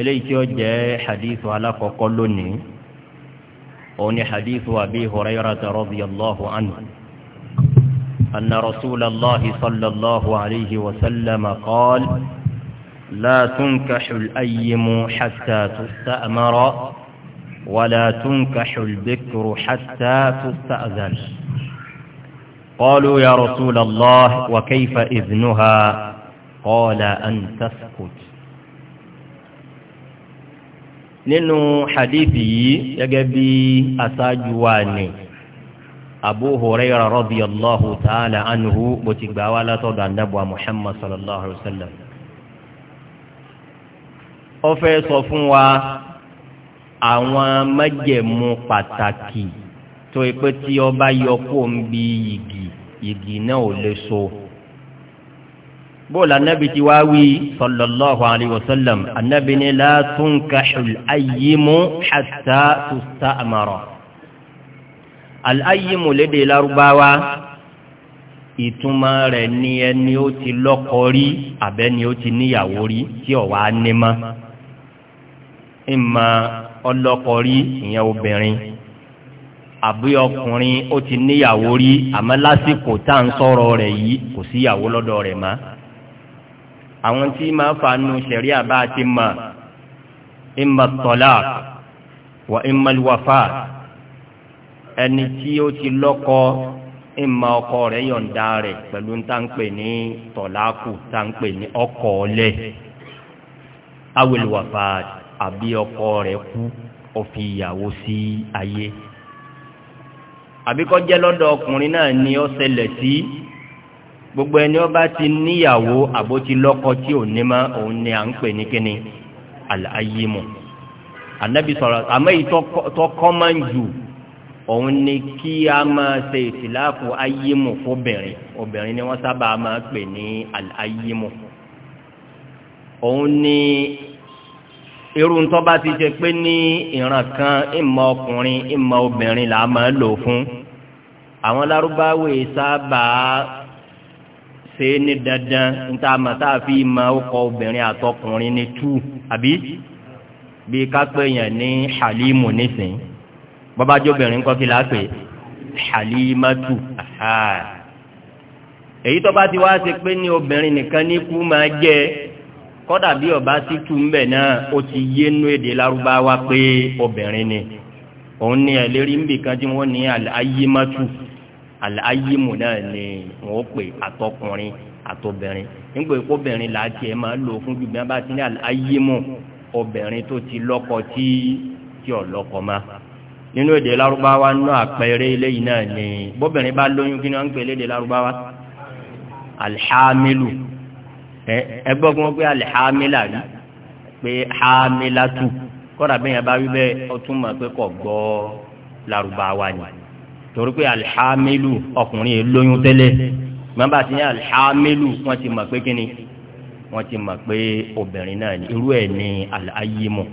eléyìí tí ó jẹ́ hadithu alakoko lónìí o ni hadithu abi hurayrata allahu anu anna rasulallahi sallallahu alayhi wa sallam qaal la tunkaxu al-ayyimu tusa amara wala tunkaxu al-bikru tusa azal qalu ya rasulallah wa kayfa idnuha qala an taskutu nínú hadithi yìí gẹ́gẹ́ bí aṣáájú wa ni abu hurairah radiyallahu ta'ala anhu bó ti gbà wá látọ̀dọ̀ anábọ̀ muhammad sallallahu alayhi wa sallam ó sọ fún wa àwọn májẹ̀mú pàtàkì tó ipé tí ọba yọ kó ń bi yìgì yìgì náà ò lè so bóòlù anabi ti wá wí sallallahu alayhi wa sallam anabi ni la tunkahul ayyimu hatta tusta'mara al-ayyimu lédè Lárúbáwá ìtumọ̀ rẹ̀ ni ẹni ó ti lọ́kọ rí àbẹ́ni ó ti níyàwó rí tí ò wá ní mọ́ ìmọ̀ ọlọ́kọ rí ìyẹn obìnrin àbí ọkùnrin ó ti níyàwó rí àmọ́ lásìkò tá à ń sọ̀rọ̀ rẹ̀ yìí kò síyàwó lọ́dọ̀ rẹ̀ mọ́ àwọn tí máa fanu sẹ̀ríà bá ti mọ̀ imma talaq wa imma al-wafat ẹni tí ó ti lọ́kọ ìmọ̀ ọkọ rẹ̀ yọ̀ǹda rẹ̀ pẹ̀lú táǹpẹ̀ ní tọ̀láàkù táǹpẹ̀ ní ọkọ ọ̀lẹ̀ awil wafat àbí ọkọ rẹ̀ kú ó fi ìyàwó sí ayé àbíkọ́jẹ́ lọ́dọ̀ ọkùnrin náà ni ó ṣẹlẹ̀ sí. Si, gbogbo ẹni ọba ti níyàwó àbótí lọ́kọ tí ò ní ma òun ni à ń pè ní kíni àlàyémù ànábì sọ̀rọ̀ àmọ́ èyí tó kọ́ máa ń jù òun ni kí a máa ṣe ìtìláàfù ayémù fóbìnrin obìnrin ni wọ́n sábà máa pè ní àlàyémù òun ni irú tó ti ṣe pé ní ìran kan ìmọ̀ ọkùnrin ìmọ̀ obìnrin là máa lò fún àwọn lárúbáwò sábà ṣe ní dandan níta màtá fi ma ọkọ obìnrin àtọkùnrin ní tú àbí bí kápẹ́ yẹn ní halimu nísìn bọ́bájú obìnrin kọ́ kí lápè halimatu èyí tó bá ti wá ṣe pé ní obìnrin nìkan ní kú máa jẹ́ kọ́dà bí ọba sí tú mbẹ̀ náà ó ti yénú èdè lárúbáwá pé obìnrin ni òun ni ẹ̀lérí mbìkan tí wọ́n ní àyímátù àlàyémù náà ni wọn ó pè àtọkùnrin àtọbìnrin nígbà pé obìnrin là á tiẹ̀ máa lò fún ju bí wọn bá ti ní àlàyémù obìnrin tó ti lọ́kọ tí tí ò lọ́kọ ma nínú èdè Lárúbáwá náà àpẹẹrẹ eléyìí náà ni bóbìnrin bá lóyún kí ni wọn ń pè lédè Lárúbáwá alihamilu ẹgbẹ́ ọgbọ́n pé alihamila rí pé hamilatu kọ́ra bẹ́yẹn bá wí bẹ́ẹ̀ ọtún mọ̀ pé kò gbọ́ Lárúbáwá ni torí pé alihamilu ọkùnrin yìí lóyún tẹ́lẹ̀ mọ́ba ti ní alihamilu wọ́n ti mọ̀ pé kíni wọ́n ti mọ̀ pé obìnrin náà ní irú ẹ̀ ní alayimu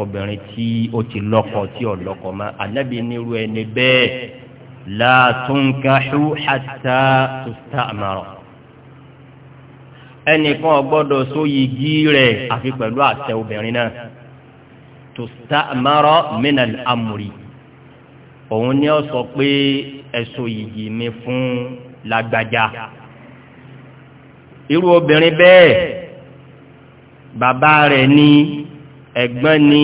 obìnrin tí ó ti lọ́kọ tí ò lọ́kọ mọ́ anabi ní irú ẹ̀ ní bẹ́ẹ̀ látúnkáṣú hàtà tùtà àmàrọ̀ ẹnìkan gbọ́dọ̀ sóyí gí rẹ̀ àfi pẹ̀lú àṣẹ obìnrin náà tùtà àmàrọ̀ mìnà àmùrì òun ni ó sọ pé ẹ̀sùn yìí mi fún lágbájá irú obìnrin bẹ́ẹ̀ bàbá rẹ̀ ni ẹ̀gbọ́n ni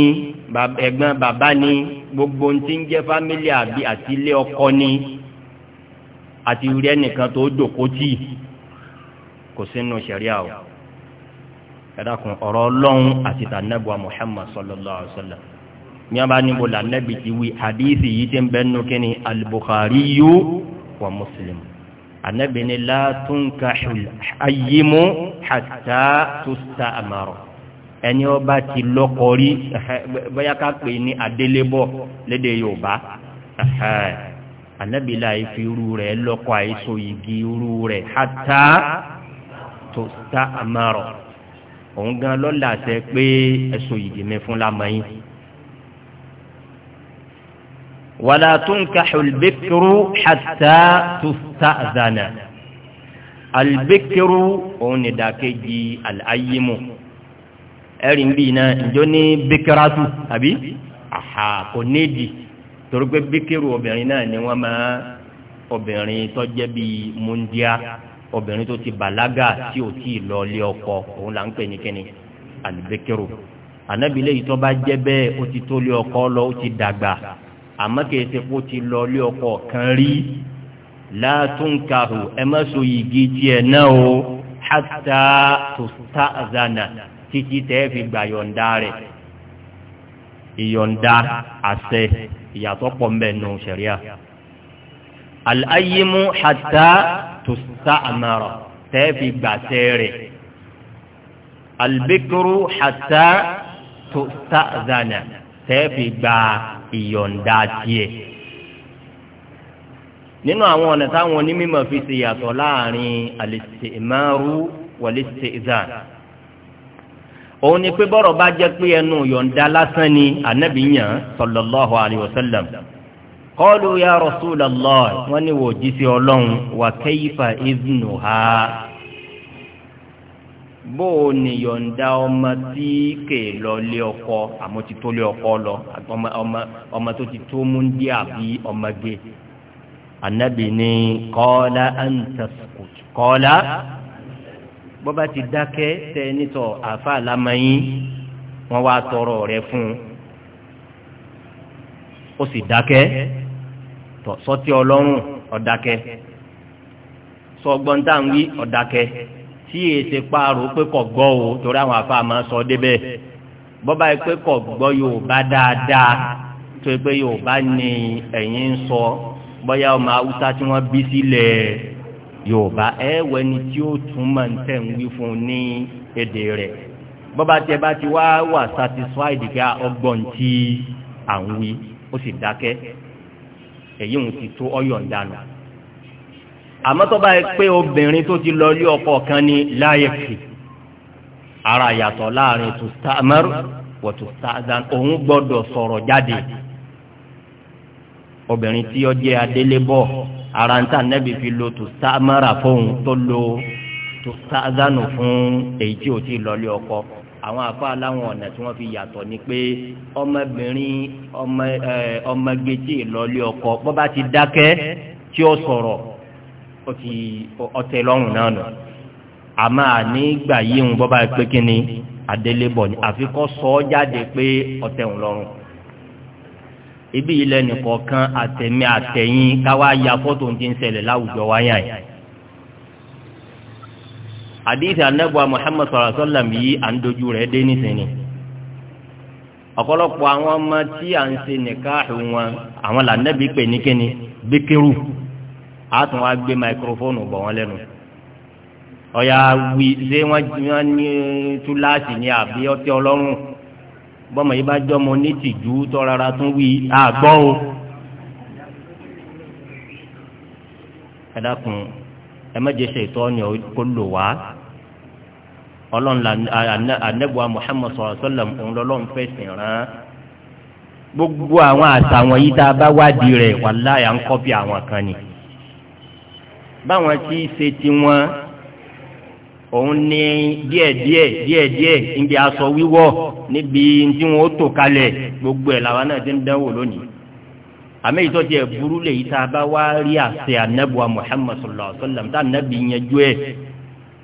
ẹ̀gbọ́n bàbá ni gbogbo ń ti ń jẹ́ fámílì àbí àti ilé ọkọ ni àti rí ẹnìkan tó jókòó tì kò sínú ṣẹ̀ríà o ẹ̀dá kan ọ̀rọ̀ ọlọ́run àti tànẹ́bùà Muhammad sallallahu alaihi wa sallam ní a bá ní bọ̀lá nẹ́bi ti wí hadithi yìí ti ń bẹ́ nù kíni al-Bukhari yu wa Muslim anabi ni la tunkahu ayyimu hatta tusta'maru ẹni ó bá ti lọ́kọ rí bóyá ká pè ní adélébọ̀ léde Yorùbá anabi la ifi irú rẹ̀ lọ́kọ àìsọ igi irú rẹ̀ hatta tusta'maru òun gan lọ́la sẹ pé ẹ̀sọ igi fún lamẹ́yìn. ولا تنكح البكر حتى تستأذن البكر اون داكجي الايم ẹrin bíi náà ìjọ ní bíkírátù àbí àhà kò nídìí torí pé bíkírù obìnrin náà ni wọ́n máa obìnrin tó jẹ́ bíi múndíá obìnrin tó ti bàlágà tí ò tí ì lọ ilé ọkọ òun là ń pè ní kíni àlùbíkírù ànábìlẹ̀ yìí tó bá jẹ́ bẹ́ẹ̀ ó ti tó ilé ọkọ lọ ó ti dàgbà àmọ́ kìí ṣe kó ti lọ ilé ọkọ kan rí látúnkàrò ẹ má so yìgì tiẹ̀ náà o hátà tó tá àzànà títí tẹ́ fi gbà yọ̀ǹda rẹ̀ ìyọ̀ǹda àṣẹ ìyàtọ̀ pọ̀ mbẹ́ nù sẹ̀ríà. àlàyémú hátà tó tá àmàrà tẹ́ fi gbàṣẹ rẹ̀ albikru hátà tó tá àzànà tẹ́ fi gbà ìyọ̀ǹda tiẹ̀. nínú àwọn ọ̀nà táwọn onímọ̀ fi ṣe yàtọ̀ láàrin al-isti'maru wal-istizan òun ni pé bọ́rọ̀ bá jẹ́ pé ẹnu yọ̀ǹda lásán ni ànábì yàn sallallahu alayhi ya rasulallah wọ́n ní wò jíṣẹ́ ọlọ́run wa kayfa idhnuha bó o nìyọ̀ǹda ọmọ tí kè lọ lé ọkọ àmọ́ ti tó lé ọkọ lọ ọmọ tó ti tó mú dí àbí ọmọge anabi ni kọ́lá antaskut kọ́lá bọ́bá ti dákẹ́ tẹ nítọ̀ àfa àlámẹ́yìn wọ́n wá tọrọ rẹ fún ó sì dákẹ́ tọ̀ sọ́tí ọlọ́run ọ̀dákẹ́ sọgbọ́n táwọn ọ̀dákẹ́ tí èsè paaro pé kò gbọ́ o torí àwọn afa máa sọ débẹ̀ bọ́bá yìí pé kò gbọ́ Yorùbá dáadáa tó yẹ pé Yorùbá ni ẹ̀yin ń sọ bóyá ọmọ Haúsá tí wọ́n bí sílẹ̀ Yorùbá ẹ wẹ ni tí ó tún máa ń tẹ̀ ń wí fún ní èdè rẹ̀ bọ́bá tẹ bá ti wá wà satisfied kí ọgbọ́n tí à ń wí ó sì dákẹ́ èyí ń ti tó ọyọ̀ ń dànù àmọ́ tó bá yẹ pé obìnrin tó ti lọ ilé ọkọ kan ní láyé fi ara yàtọ̀ láàrin tó sàmẹ́rù wọ̀ tó sàdán òun gbọ́dọ̀ sọ̀rọ̀ jáde obìnrin tí ó jẹ́ adélébọ̀ ara ń tà nẹ́bi fi lo tó sàmẹ́rà fóun tó lo tó sàdánù fún èyí tí ò ti lọ ilé ọkọ àwọn afa láwọn ọ̀nà tí wọ́n fi yàtọ̀ ni pé ọmọbìnrin ọmọge tí ì lọ ilé ọkọ bó bá ti dákẹ́ tí ó sọ̀rọ̀ ọtẹ lọ́rùn náà nù àmọ́ àní gbà yí ń bọ́ bá pé kí ni àdélébọ̀ ni àfi sọ ọ́ jáde pé ọtẹ̀ ń lọ́rùn ibi ilẹ̀ nìkọ̀ọ̀kan àtẹ̀mí àtẹ̀yìn káwá ya fọ́tò ti ń ṣẹlẹ̀ láwùjọ wáyà yìí àdìsí anábọ̀ Muhammad sallallahu alaihi wasallam yìí à ń dojú rẹ̀ dé nísìnyí ọ̀pọ̀lọpọ̀ àwọn ọmọ tí à ń ṣe nìkáàhùn wọn àwọn làǹdẹ́bí pè ní kíni bíkírù a tún wá gbé maikrofóònù bọ̀ wọ́n lẹ́nu ọ̀yà wí ṣé wọ́n ní túláàsì ní àbí ọtí ọlọ́run bọ́mọ yìí bá jọ́ mọ ní tìjú tọ́ rárá tún wí àgbọ́ o. ẹ dákun ẹ má jẹ́ ṣe ìtọ́ ni kó lò wá ọlọ́run anẹ́bùwà Muhammad sọ̀rọ̀ sọ́lẹ̀m òun lọ́lọ́run fẹ̀sìn rán gbogbo àwọn àṣà wọ̀nyí tá a bá wádìí rẹ̀ wàláyà ń kọ́ bí àwọn kan ni báwọn tí í ṣe tiwọn òun ní díẹ̀díẹ̀ díẹ̀díẹ̀ níbi aṣọ wíwọ̀ níbi tí wọn ó tò kalẹ̀ gbogbo ẹ̀ làwọn náà ti ń dánwò lónìí àmì ìtọ́jú ẹ̀ burú lè yí bá wá rí àṣẹ anábùwà Muhammad sallallahu alaihi wasallam tá anábì yanjú ẹ̀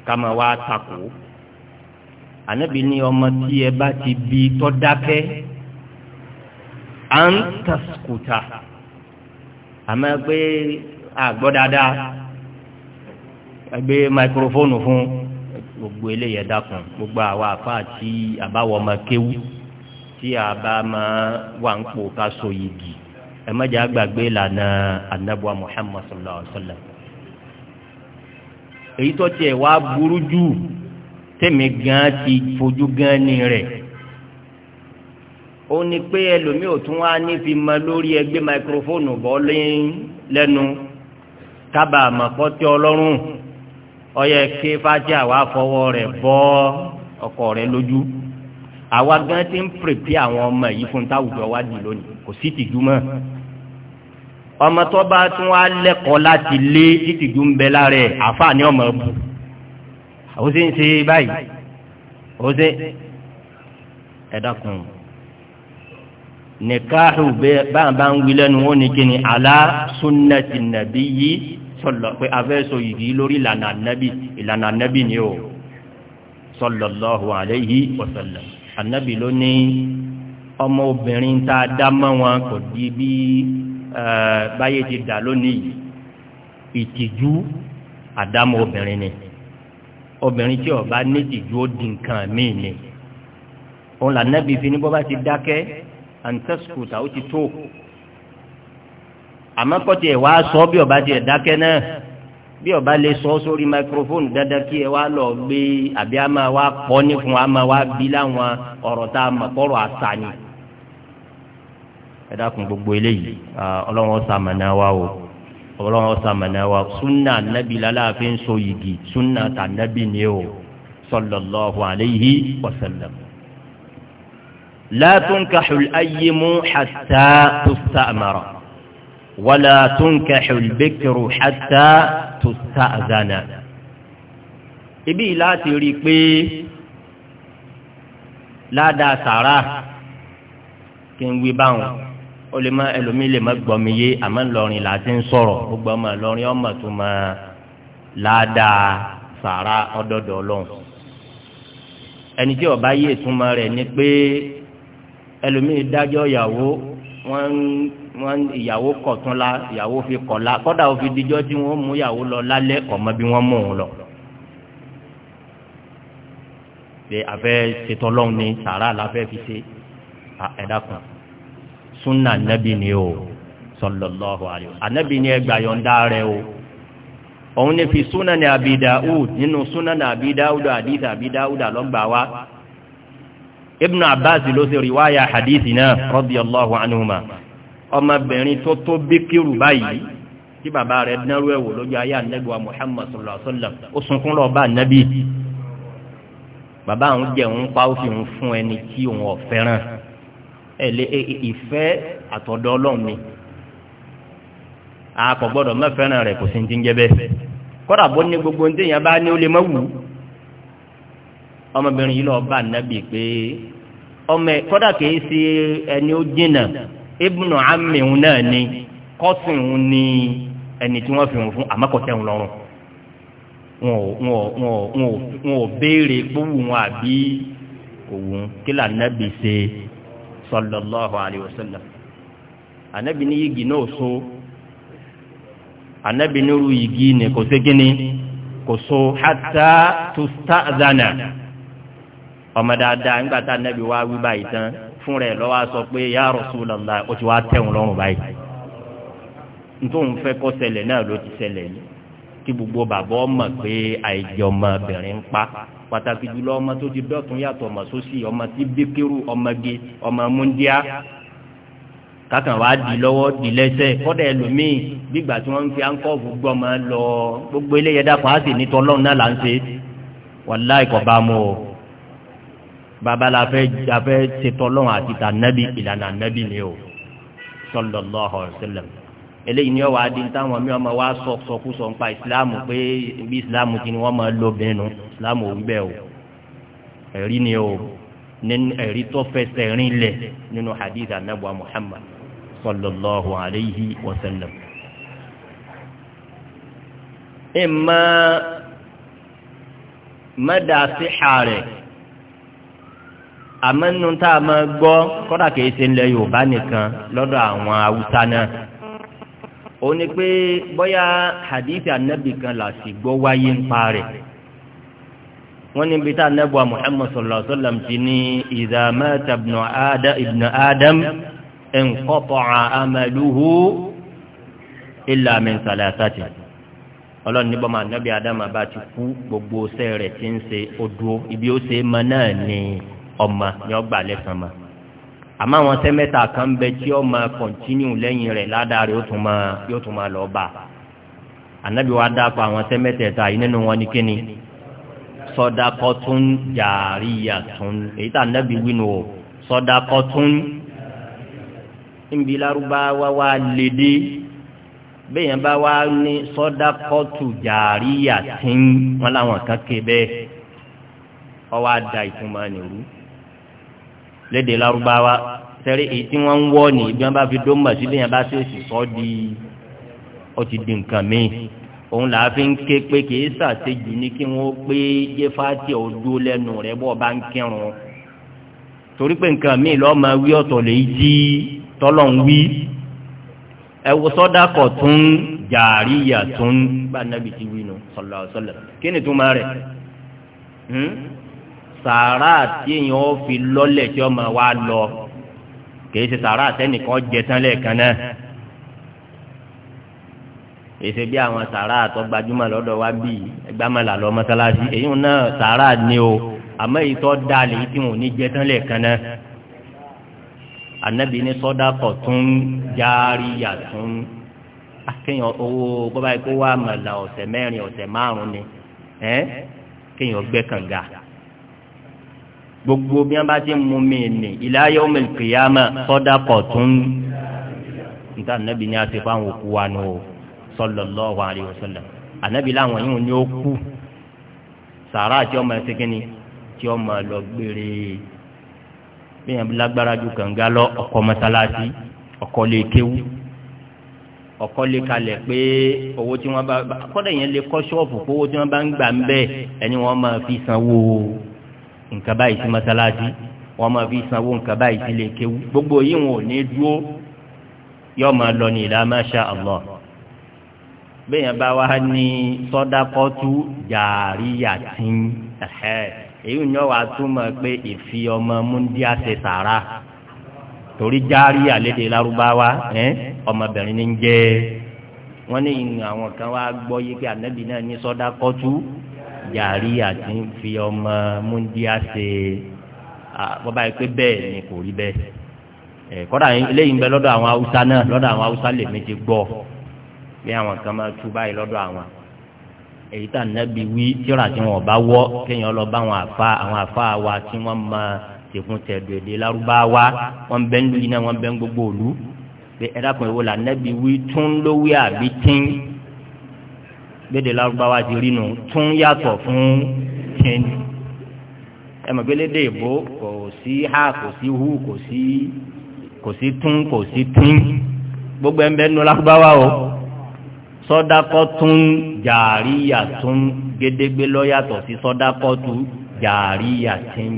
ká máa wá takò anábì ní ọmọ tí ẹ bá ti bí tọ́ à ń tàṣkùtà àmọ́ pé àgbọ́ dáadáa gbé máikrófóònù fún gbogbo eléyìí ẹ̀dá kan gbogbo àwa àfa àti àbáwọ̀ ọmọ kéwú tí àbá máa wà ń pò ká so yìgì ẹ má jẹ́ àgbàgbé ìlànà Muhammad sallallahu alaihi wa sallam èyí tó tiẹ̀ wá burú jù tẹ̀mí gan ti fojú gan ni rẹ̀ ó ní pé ẹlòmíì ò tún wá ní fi mọ lórí ẹgbẹ́ máikrófóònù bọ́ lẹ́nu tábà àmọ́kọ́tẹ́ ọlọ́run ọyẹ ké fájà wà fọwọ́ rẹ̀ bọ́ ọkọ rẹ̀ lójú àwa gan ti ń pèpè àwọn ọmọ yìí fún táwùjọ wa dì lónìí kò sí tìjú mọ́ ọmọ tó bá tún wá lẹ́kọ̀ọ́ láti lé títìjú ń bẹ lára ẹ̀ àfààní ọmọ bù ó sì ń ṣe báyìí ó sì ẹ dákun nìkáhù bá ń wí lẹ́nu ó ní kí ni àlá súnnàtì nàbí yìí sọlọ pé afẹ́sọ yìí lórí ìlànà ànábì ìlànà ànábì ni o sallallahu alayhi wa sallam ànábì ló ní ọmọ obìnrin tá a dá mọ́ wọn kò di bí báyé ti dà lónìí ìtìjú àdámọ́ obìnrin ni obìnrin tí ó bá ní ìtìjú ó di nǹkan míì ni òun làǹnábì fi ní bọ́ bá ti dákẹ́ àǹtẹ́sùkùtà ó ti tó àmọ́ kọ́tí ẹ̀ wá sọ bí ọba ti ẹ̀ dákẹ́ náà bí ọba lè sọ sórí microphone dandan kí ẹ wá lọ gbé àbí a máa wá pọ́ ní fún wa máa wá bí láwọn ọ̀rọ̀ tá a mọ̀ kọ́rọ̀ àṣà ni. ẹ dákun gbogbo eléyìí ọlọ́run ọ̀sà wa o ọlọ́run ọ̀sà wa sunna nabi lálàáfin so yìgì sunna tà nabi ni o sallallahu alayhi wa sallam. la tunkahul ayyimu hatta tusta'mara wala tunkahu al-bikru hatta tusta'zana. ibi láti rí i pé ládàá sàrà kí n wí báwọn ó lè má ẹlòmíì lè má gbọ́ mi yé àmọ́ ńlọrin là á ti ń sọ̀rọ̀ gbogbo ọmọ ńlọrin ọmọ tó máa ládàá sàrà ọdọọdọ Ọlọ́run ẹni tí ọba yé ìtumọ̀ rẹ̀ ni pé ẹlòmíì dájọ́ ìyàwó wọ́n ń wọ́n ìyàwó kọ̀tún la ìyàwó fi kọ̀ la kọ́dà òfin dijọ́ tí wọ́n mú ìyàwó lọ lálẹ́ ọmọ bí wọ́n mú un lọ. ṣe afẹ́ ṣetọ́lọ́hún ni sàrà la fẹ́ fi ṣe ẹ̀dá kan sunna anabi ni o sallallahu alayhi wa anabi ni ẹgbà yọ̀ǹda rẹ̀ o òun ni fi sunna ni abi daud nínú sunna ni abi daud hadith abi daud lọ́gbà wa ibnu abbas ló ṣe riwaya hadith náà radiyallahu anhuma ọmọbìnrin tó tó bí kírù báyìí tí bàbá rẹ̀ dánrú ẹ̀wò lójú ayé anẹ́gbà Muhammad sallallahu alaihi wasallam ó sunkún lọ bá nẹ́bí bàbá àwọn jẹ́ òun pa ó fi òun fún ẹni tí òun ọ̀fẹ́ràn ẹ̀lẹ́ ìfẹ́ àtọ̀dọ̀ ọlọ́run ni a kò gbọ́dọ̀ mẹ́fẹ́ràn rẹ̀ kò sí ti ń jẹ́ bẹ́ẹ̀ kọ́dà bó ní gbogbo ní téèyàn bá ní ó lè mọ́ wù ọmọbìnrin yìí lọ bá nẹ́bí pé ọmọ kọ́dà kìí ṣe ẹni ó jìnnà ibùnà amíhun náà ni kọ́sìnhun ni ẹni tí wọ́n fi hùn fún àmọ́kọ̀tẹ́hun lọ́rùn wọn ò béèrè gbówù wọn àbí òun kí lànàbì ṣe sallallahu alayhi wa sallam ànàbì ní yìgì náà so ànàbì nírú yìgì ni kò sí kò so hatta tusta'zana ọmọ dáadáa nígbà tá wá wí báyìí tán fún rẹ̀ lọ́wọ́ sọ pé ya Rasulullah o ti wá tẹ̀wọ̀n lọ́rùn báyìí nítorí òun fẹ́ kó ṣẹlẹ̀ náà ló ti ṣẹlẹ̀ yìí kí gbogbo bàbá ọmọ pé àìjọ ọmọbìnrin ń pa pàtàkì jùlọ ọmọ tó ti dọ́tún yàtọ̀ ọmọ sósì ọmọ tí bíkírù ọmọge ọmọ múndíá kákan wàá di lọ́wọ́ di lẹ́sẹ̀ kọ́dà ẹlòmíì gbígbà tí wọ́n ń fi áńkọ́ọ̀fù gbọ́ ọmọ lọ gbogbo eléyẹ̀dá kan á sì náà là ń ṣe wàláì kọ́ bá mu o bàbá la fẹ́ afẹ́ ṣètò ọlọ́run àti ta nẹ́bí ìlànà nẹ́bí ni o sallallahu alaihi wasallam eléyìí ni ọ wàá di táwọn mi ọmọ wa sọ sọkúsọ nípa ìsìláàmù pé bí ìsìláàmù ti ni wọ́n máa lo bẹ́ẹ̀ nu ìsìláàmù ò ń bẹ́ẹ̀ o ẹ̀rí ni o ẹ̀rí tó fẹsẹ̀ rin lẹ̀ nínú hadith anabu muhammad sallallahu alaihi wasallam. ìmọ̀ mẹ́dàá sí xaarẹ̀ àmọ́ nínú tá a máa gbọ́ kọ́dà kìí ṣe ńlẹ̀ yorùbá nìkan lọ́dọ̀ àwọn haúsá náà ó ní pé bóyá hadith anabi kan là sì gbọ́ wáyé ń pa rẹ̀ wọ́n ní bí tá anabi wa muhammad sallallahu alayhi wa sallam ti ní idha mata ibnu adam inqata'a amaluhu illa min salasati ọlọ́run ní bọ́mọ anabi adam abá ti kú gbogbo sẹ́ẹ̀rẹ̀ ti ń ṣe odò ibi ó ṣe é mọ náà ni ọmọ ni ọgbà lẹ́sàn mọ́ àmọ́ àwọn sẹ́mẹ́ta kan bẹ tí ó máa kọ̀ntínú lẹ́yìn rẹ̀ ládàá rẹ̀ yóò tún máa lọ bá ànábì wa dápọ̀ àwọn sẹ́mẹ́tẹ̀ẹ̀ta yìí nínú wọn ní kíni sọdakọtún jàríyàtún èyí tà ànábì wínú o sọdakọtún níbi lárúbáwá wa lédè bẹ́ẹ̀yàn bá wá ní sọdakọtù jàríyàtún wọn làwọn kan ké bẹ́ẹ̀ ọwọ́ àdá ìtumọ̀ nìrú lédè lárúbáwá sẹ́rí èyí tí wọ́n ń wọ́ ni bí wọ́n bá fi dó mbà sílẹ̀ yẹn bá ṣe sì sọ́ di ó ti di nǹkan míì òun là á fi ń ké pé kì í ṣàṣejù ní kí wọ́n pé jẹ́ ọdún lẹ́nu rẹ̀ bọ́ bá ń kírun torí pé nǹkan míì lọ́ọ́ máa wí ọ̀tọ̀ lèyí tí tọ́lọ̀ ń wí ẹwọ sọdá kọ tún jàrí yà tún bá nàbì wí nù sọlọ sọlọ kí ni tó máa rẹ̀ hmm? sàárà tí èèyàn ó fi lọ́lẹ̀ tí ọmọ wa lọ kìí ṣe sàárà tẹ́nìkan jẹ tán lẹ́ẹ̀kan náà èsè bí àwọn sàárà tó gbajúmọ̀ lọ́dọ̀ wa bíi ẹgbàmọ̀là lọ mọ́sálásí èyí náà sàárà ni o àmọ́ èyí tó dá lè tí wọn ò ní jẹ tán lẹ́ẹ̀kan náà anabi ní sọ́dá kọ̀ tún járíyà tún akéèyàn ah, owó bọ́bá yìí kó wá mọ̀lá ọ̀sẹ̀ mẹ́rin ọ̀sẹ̀ márùn-ún ni ẹ́ kéèyàn gbẹ́ kànga gbogbo bí wọ́n bá ti mú mi nì ila yawmil qiyamah sadaqatun níta nàbí ni a ti fáwọn òkú wa nù o sallallahu alaihi wasallam ànábì làwọn yìí ni ó kú sàrà àti ọmọ ẹsẹ kínní tí ọmọ lọ gbére bí wọ́n lágbára ju kànga lọ ọkọ mọ́sálásí ọkọ lè kéwú ọkọ lè kalẹ̀ pé owó tí wọ́n bá kọ́dà yẹn lè kọ́ ṣọ́ọ̀bù kó owó tí wọ́n bá ń gbà ń bẹ́ẹ̀ ẹni wọ́n máa fi sanwó o nǹkan báyìí sí mọ́sálásí wọ́n máa fi sanwó nǹkan báyìí sí lè kéwú gbogbo yìí wọn ò ní dúró yóò máa lọ ní ìlà masha Allah bẹ́ẹ̀ yẹn bá wá ní sọ́dákọ́tù jàríyàtín èyí ni wàá túmọ̀ pé ìfi ọmọ múndíá ṣe sàrà torí járíyà lédè lárúbáwá ọmọbìnrin ní ń jẹ́ wọ́n ní àwọn kan wá gbọ́ yí pé ànábì náà ní sọ́dákọ́tù jàrí àti ń fi ọmọ múndíá ṣe bọ́bá yìí pé bẹ́ẹ̀ ni kò rí bẹ́ẹ̀ kọ́dà eléyìí ń bẹ lọ́dọ̀ àwọn haúsá náà lọ́dọ̀ àwọn haúsá lè méje gbọ́ bí àwọn kan máa tú báyìí lọ́dọ̀ àwọn èyí tà nẹ́bi wí tíra tí wọn bá wọ́ kéèyàn lọ bá àwọn àfa àwọn àfa wa tí wọ́n máa tẹ̀kùn tẹ̀dù èdè lárúbáwá wọ́n ń bẹ ń lu iná wọ́n ń bẹ ń gbogbo òlu pé ẹ̀dá kan ìwọ là nẹ́bi wí tún lówí àbí tín gbẹdẹ Lárúbáwá ti rí nu tún yàtọ̀ fún tẹni ẹ mọ̀ pé lédè ìbò kò sí ha kò sí hu kò sí kò sí tún kò sí tún gbogbo ẹ̀ ń bẹ́ nu Lárúbáwá o sọdakọ tún jàríyà tún gédégbé lọ́yàtọ̀ sí sọdakọ tún jàríyà tún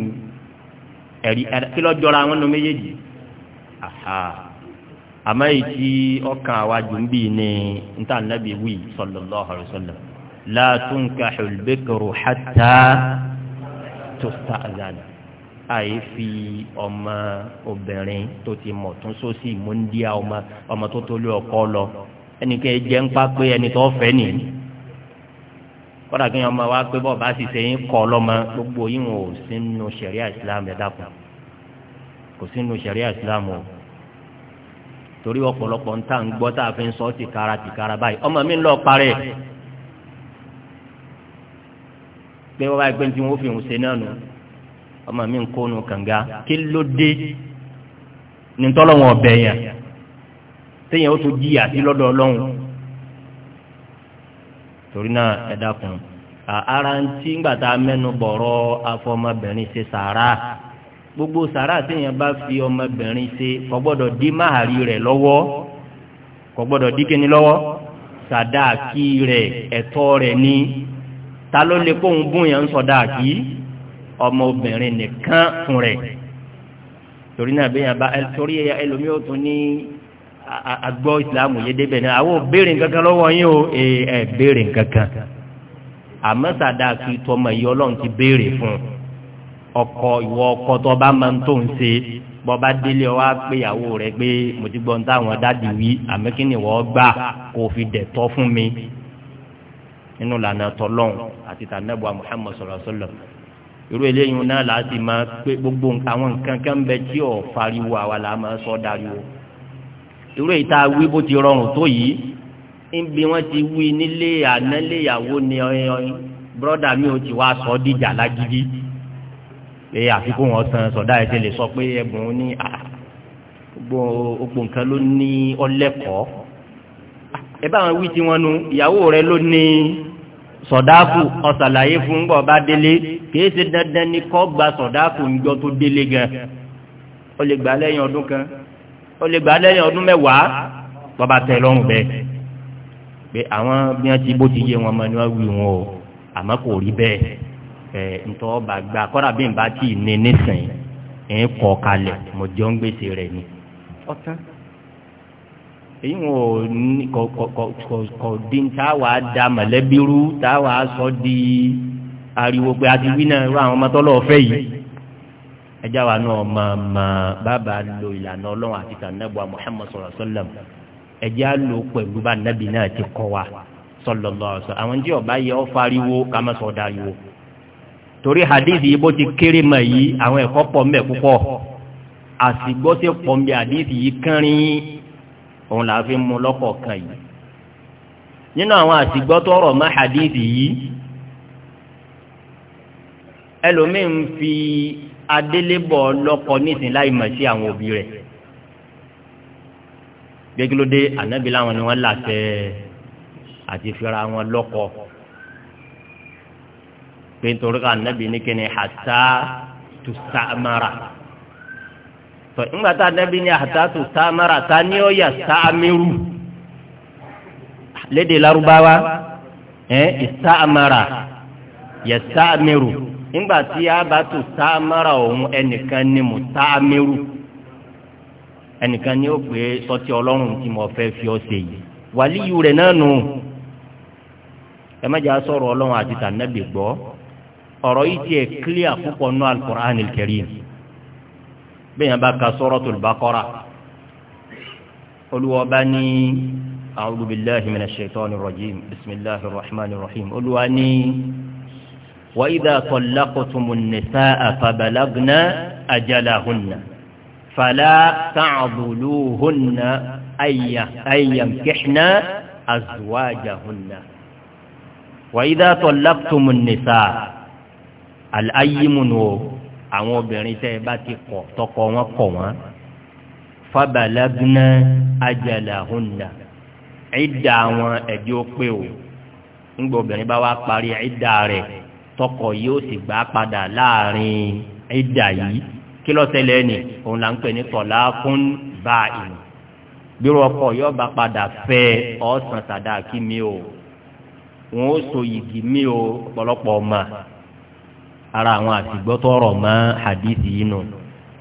ẹ̀rí kí lọ́ọ́ jọra àwọn nu méjèèjì aha àmọ́ èyí tí ọkàn àwájú ń bì ní níta nàbí wí sallallahu alaihi wasallam la tunkahul bikru hatta tusta'zan àyè fi ọmọ obìnrin tó ti mọ̀ tún sósì múndíà ọmọ ọmọ tó tó lé ọkọ lọ ẹnikẹ́ jẹ́ ń pa pé ẹni tó fẹ́ nìyí kọ́dà kí ọmọ wa pé bọ́ọ̀ bá sì ṣe ń kọ́ ọlọ́mọ gbogbo yìí wọn ò sínú ṣẹ̀ríà ìsìlámù ẹ̀dá kò sínú ṣẹ̀ríà ìsìlámù o torí ọ̀pọ̀lọpọ̀ ń tà ń gbọ́ tá a fi ń sọ tìkara tìkara báyìí ọmọ mi ń lọ parẹ́ pé wọ́n bá gbé tí wọ́n fi hùn ṣe náà nù ọmọ mi ń kónu kànga kí ló dé ní tọ́lọ́wọ́n ọbẹ̀ yẹn téèyàn ó tún jìyà sí lọ́dọ̀ ọlọ́run torí náà ẹ dákun ara ń tí ń gbàtà mẹ́nu bọ̀rọ̀ afọmọbìnrin ṣe sàárà gbogbo sàrà téèyàn bá fi ọmọbìnrin ṣe kò gbọ́dọ̀ dí máàrí rẹ̀ lọ́wọ́ kò gbọ́dọ̀ dí kíni lọ́wọ́ sàdáàkì rẹ̀ ẹ̀tọ́ rẹ̀ ni ta ló lè kóhun bóyá ń sọdáàkì ọmọbìnrin nìkan fún rẹ̀ torí náà bẹ́ẹ̀ yẹn bá torí ẹlòmíì ó tún ní agbọ́ ìsìlámù yé débẹ̀ náà àwọn òbéèrè nǹkankan lọ́wọ́ yín o ẹ béèrè nǹkankan àmọ́ sàdáàkì tọmọ ìyọlọ́run ti béèrè fún un ọkọ ìwọ ọkọ tó bá máa ń tó ń ṣe bọba délé wa péyàwó rẹ pé mo ti gbọ́n táwọn dáàdi wí àmì wọ́n gbà kó fi dẹ̀ tọ́ fún mi nínú lànà tọlọ́hún àti tànàbọ̀ Muhammad sallallahu alaihi wasallam irú eléyìí náà là á ti máa pé gbogbo àwọn nǹkan kan bẹ tí ò fariwo àwa là á máa sọ dariwo irú èyí tá a wí bó ti rọrùn tó yìí níbi wọn ti wí nílé àná léyàwó ni broda mi ò ti wá sọ díjà lágídí pé àfikún wọn san sọ̀dá ẹ̀ tẹ́lẹ̀ sọ pé ẹ̀bùn ní gbogbo nǹkan ló ní ọlẹ́kọ̀ọ́ ẹ bá wí tí wọn nu ìyàwó rẹ ló ní sọ̀dáàkù ọ̀sàlàyé fún bọ̀ délé kìí ṣe dandan ni kọ́ gba sọ̀dáàkù ńjọ tó délé gan ó lè gbà lẹ́yìn ọdún kan ó lè gbà lẹ́yìn ọdún mẹ́wàá bàbá tẹ lọ́rùn bẹ́ẹ̀ pé àwọn bí wọ́n ti bó ti yé wọn mọ ni wọ́n wí wọn o àmọ́ kò rí bẹ́ẹ̀ ẹ̀ eh, ntọ́ bá gbà kọ́ra bí n bá tí ì ní nísìnyí ẹ̀ ń kọ́ kalẹ̀ mo jọ ń gbèsè rẹ̀ ni ọ̀tán èyí wọn ò ní kọ tá a wà á da mọ̀lẹ́bí rú tá a wà á sọ di ariwo pé a ti wí náà irú àwọn ọmọ tọ́lọ́ ọ̀fẹ́ yìí ẹjá wa náà mọ̀ mọ̀ bàbá lo ìlànà ọlọ́run àti tànàbọ̀ Muhammad sọ̀rọ̀ sọ́lẹ̀m ẹjá lo pẹ̀lú bá nàbì náà ti kọ́ wa sọ̀lọ̀ lọ́sọ̀ àwọn tí ọba yẹ ọ́ fariwo ká má sọ̀ dariwo torí hadith yìí bó ti kéré mọ̀ yìí àwọn ẹ̀kọ́ pọ̀ mbẹ̀ púpọ̀ àsìgbọ́sẹ̀ pọ̀ mbẹ̀ hadith yìí kánrin òun là fi mú lọ́kọ̀ọ̀kan yìí nínú àwọn àsìgbọ́tọ̀rọ̀ mọ́ hadith yìí ẹlòmíín fi adélébọ̀ lọ́kọ nísìn láì mọ̀ sí àwọn òbí rẹ̀ gbégilódé ànábìlà wọn ni wọ́n láṣẹ àti fira wọn lọ́kọ̀ọ́ pé nítorí ká nàbì ní kíni hàtà tù sàmàrà tọ ńgbà tá nàbì ní hàtà tù sàmàrà ta ni ó yà sàmìrù lédè Lárúbáwá ẹ ìsàmàrà yà sàmìrù ńgbà tí a bá tù sàmàrà òun ẹnìkan ni mù sàmìrù ẹnìkan ni ó pè é sọtí ọlọ́run tí mo fẹ́ fi ọ ṣe wàlíyù rẹ̀ náà ẹ má jẹ́ a ọlọ́run àti tànàbì gbọ́ ọ̀rọ̀ yìí tiẹ̀ clear púpọ̀ nù alukur'an karim bẹ́ẹ̀ yẹn bá ka suratul baqara olùwọ́ bá ní a'udhu billahi minash shaitanir rajim bismillahir rahmanir rahim olùwà ní wa idha tallaqtumun nisaa fabalagna ajalahunna fala ta'dhuluhunna ayyamkihna azwajahunna wa idha tallaqtumun nisaa. aláyímùnú o àwọn obìnrin tẹ́ ẹ bá ti kọ̀ tọkọ wọn kọ̀ wọ́n fabalagna ajalahunna ìdá àwọn ẹ̀dí ó pé o ńgbà obìnrin bá wá parí ìdá rẹ̀ tọkọ yóò sì gbà padà láàrin ìdá yìí kí ló ni òun là ń pè ní tọ̀lá fún báyìí bírò ọkọ yóò bá padà fẹ́ ọ̀sán sàdáàkì mi o wọn ó so yìgì mi o ọ̀pọ̀lọpọ̀ ọmọ ara àwọn àtìgbọ́tọ̀ ọ̀rọ̀ mọ́ hadith yìí nù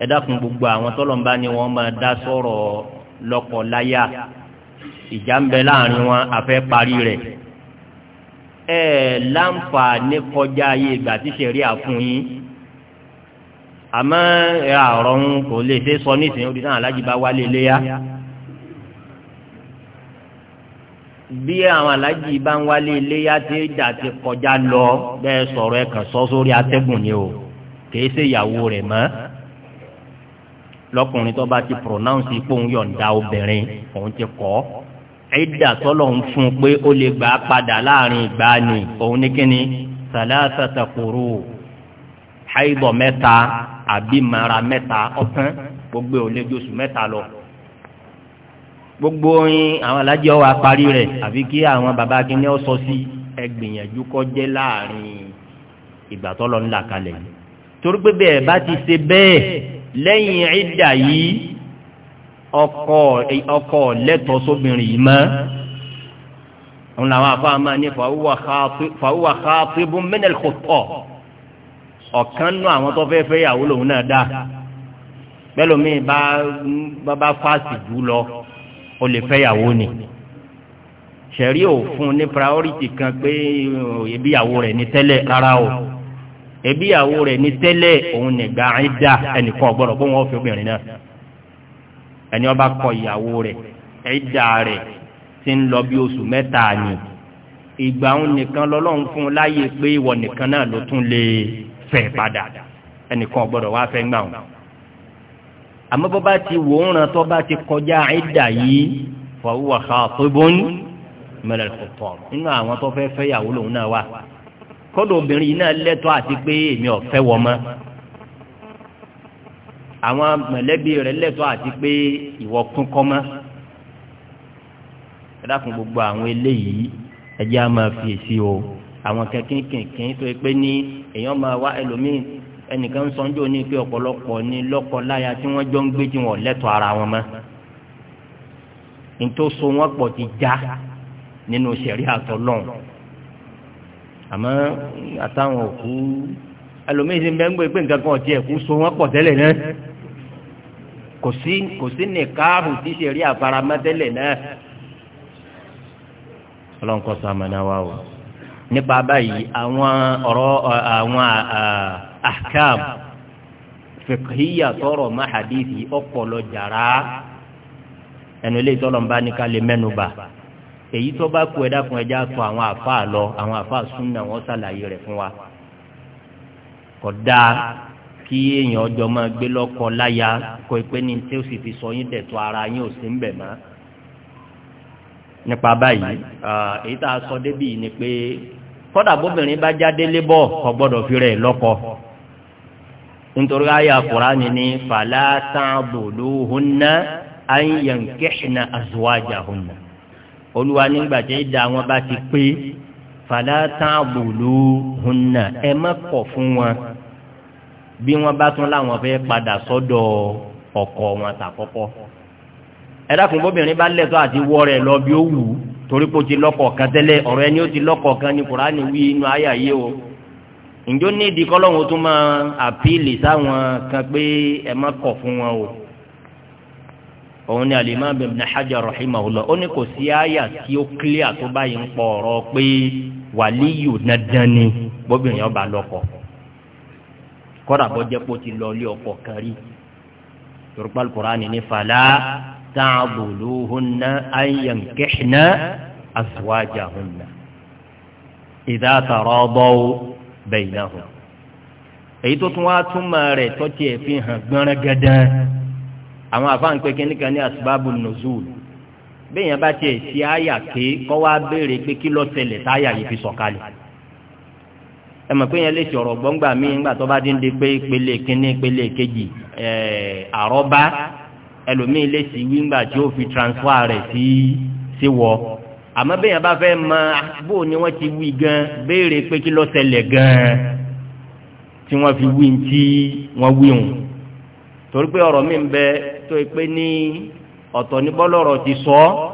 ẹ dákun gbogbo àwọn tọ́lọ̀mbá ni wọ́n máa dá sọ̀rọ̀ lọ́kọ láyà ìjà ń bẹ láàrin wọn àfẹ́ parí rẹ̀ ẹ láǹfààní kọjá ayé ìgbà tí ṣe àfún yín àmọ́ ẹ àrọ̀ ń kò lè ṣe sọ nísìnyí ó di náà alájí bá wálé léyà. bí àwọn alájì bá ń wálé iléyà tí ìjà ti kọjá lọ bẹ́ẹ̀ sọ̀rọ̀ ẹ̀ kàn sọ sórí atẹ́gùn ni o kìí ṣe ìyàwó rẹ̀ mọ́ lọkùnrin tó bá ti pronounce ipò òun yọ̀ǹda obìnrin òun ti kọ́ ìdà tọ́lọ̀ ń fún un pé ó lè gbà á padà láàrin ìgbà ni òun ní kíni sàlásàtà kúrú haibọ̀ mẹ́ta àbí mara mẹ́ta ọ̀kan gbogbo ò oṣù mẹ́ta lọ gbogbo yín àwọn alájẹ ọwọ àparí rẹ àfi kí àwọn baba akíní ọsọ sí ẹgbìyànjú kọjẹ láàrin ìgbà tọlọ ńlá kalẹ̀ yìí torí pé bẹ́ẹ̀ bá ti ṣe bẹ́ẹ̀ lẹ́yìn ìdà yìí ọkọ ọkọ lẹtọ sóbìnrin yìí mọ òun làwọn afáà máa ní fàwùwà xaatibu minal khutta ọ̀kan nù àwọn tó fẹ́ fẹ́ yàwó lòun náà dá bẹ́ẹ̀ lómi bá bá fásitì jù lọ o lè fẹ́ yàwó ni sẹ̀rí ò ní priority kan pé ebíyàwó oh, rẹ̀ ní tẹ́lẹ̀ rárá o ebíyàwó rẹ̀ ní tẹ́lẹ̀ òun nìgbà ń dà ẹnìkan ọ̀gbọ́dọ̀ bó wọn fi obìnrin náà ẹni ó bá kọ ìyàwó rẹ̀ ẹ̀dà rẹ̀ ti ń lọ bí oṣù mẹ́ta ni ìgbà òun nìkan lọ́lọ́run fún un láàyè pé ìwọ nìkan náà ló tún lè fẹ́ padà ẹnìkan ọ̀gbọ́dọ̀ wá fẹ́ gbà wọn àmọ́ bó bá ti wò ó ràn tó bá ti kọjá ìdà yìí fọwọ́ khatibun min al-khuttab nínú àwọn tó fẹ́ fẹ́ yàwó lòun náà wà kọ́dọ̀ obìnrin yìí náà lẹ́tọ́ àti pé èmi ò fẹ́ wọ́n mọ́ àwọn mọ̀lẹ́bí rẹ̀ lẹ́tọ́ àti pé ìwọ kún kọ́ mọ́ ẹ gbogbo àwọn eléyìí ẹjẹ́ á máa fi èsì o àwọn kẹ́kínkìnkín tó yẹ pé ní èèyàn máa wá ẹlòmíín ẹnìkan sọ ní pé ọ̀pọ̀lọpọ̀ ní lọ́kọ tí wọ́n jọ ń gbé tí wọ́n lẹ́tọ̀ọ́ ara wọn mọ́ nítorí so wọ́n pọ̀ ti já nínú sẹ̀rí àtọ̀lọ́n àmọ́ àtàwọn òkú ẹlòmíín ti ń bẹ́ ń gbé pé nǹkan kan ọ̀tí ẹ̀kú so wọ́n pọ̀ tẹ́lẹ̀ náà kò sí kò sí nìkaahù tí sẹ̀rí àfaramẹ́tẹ́lẹ̀ náà ọlọ́nkọ́sọ àmàlà wa o nípa báyìí àwọn ọ̀rọ̀ àwọn àà. ahkam fiqhiyya tọrọ ma hadithi ọpọlọ jara ẹnu ilé ìtọ́lọ́mba ní ká lè mẹ́nu èyí tó bá kú ẹ̀dá fún ẹja tó àwọn àfa lọ àwọn àfa súnà wọn ṣàlàyé rẹ fún wa dáa kí èèyàn ọjọ́ máa gbé lọ́kọ ara yín ò sí ń bẹ̀ mọ́ nípa báyìí èyí tá a sọ débì ni pé kódà bóbìnrin bá jáde lébọ̀ nítorí àyà Kùránì ní fala ta'buluhunna an yankihna azwajahunna olúwa nígbà tí ìdá wọn bá ti pé fala ta'buluhunna ẹ má kọ̀ fún wọn bí wọn bá tún láwọn fẹ́ padà sọ́dọ̀ ọkọ wọn tàkọ́kọ́ ẹ dákun bóbìnrin bá lẹtọ àti wọ rẹ lọ bí ó wù torí kó ti lọ́kọ tẹ́lẹ̀ ọ̀rọ̀ ẹni ó ti lọ́kọ ní Kùránì wí inú àyà yìí o ǹjọ́ ní ìdí kọ́lọ́hún tó máa àpíìlì sáwọn kan pé ẹ má kọ̀ fún wọn o òun ni alimami ibn hajar rahimahullah ó ní kò sí àyà tí ó clear tó báyìí ń pọ ọ̀rọ̀ pé wàlíyù dandan ni bóbìnrin ọba lọ́kọ kódà bó jẹ́ kó ti lọ ilé ọkọ kan rí yorùbá alukurani ní fàlà ta'buluhunna an yankihna azwajahunna idha taradaw bainahum èyí tó tún wá túmọ̀ rẹ̀ tọ́tí ẹ̀ fi hàn gbọ́nrẹ́ gẹ́dẹ́n àwọn àfáàn pé kíníkan ní asbabu nuzul béèyàn bá tiẹ̀ sí àyà ké kọ́ wá béèrè pé kí ló ṣẹlẹ̀ táyà yìí fi sọ̀kalẹ̀ ẹ mọ̀ pé yẹn lè sọ̀rọ̀ gbọ́ngbà mí ńgbà tó bá dín de pé ìpele kíní ìpele kejì àrọ́bá ẹlòmíì lè sí wíńgbà tí ó fi transfer rẹ̀ sí sí wọ́ àmọ́ bẹ́ẹ̀ yẹn bá fẹ́ mọ bó ni wọ́n ti wí gan béèrè pé kí ló ṣẹlẹ̀ gan tí wọ́n fi wí tí wọ́n wí hùn torí pé ọ̀rọ̀ mi ń bẹ tó yẹ pé ní ọ̀tọ̀ ní bọ́lọ́rọ̀ ti sọ ọ́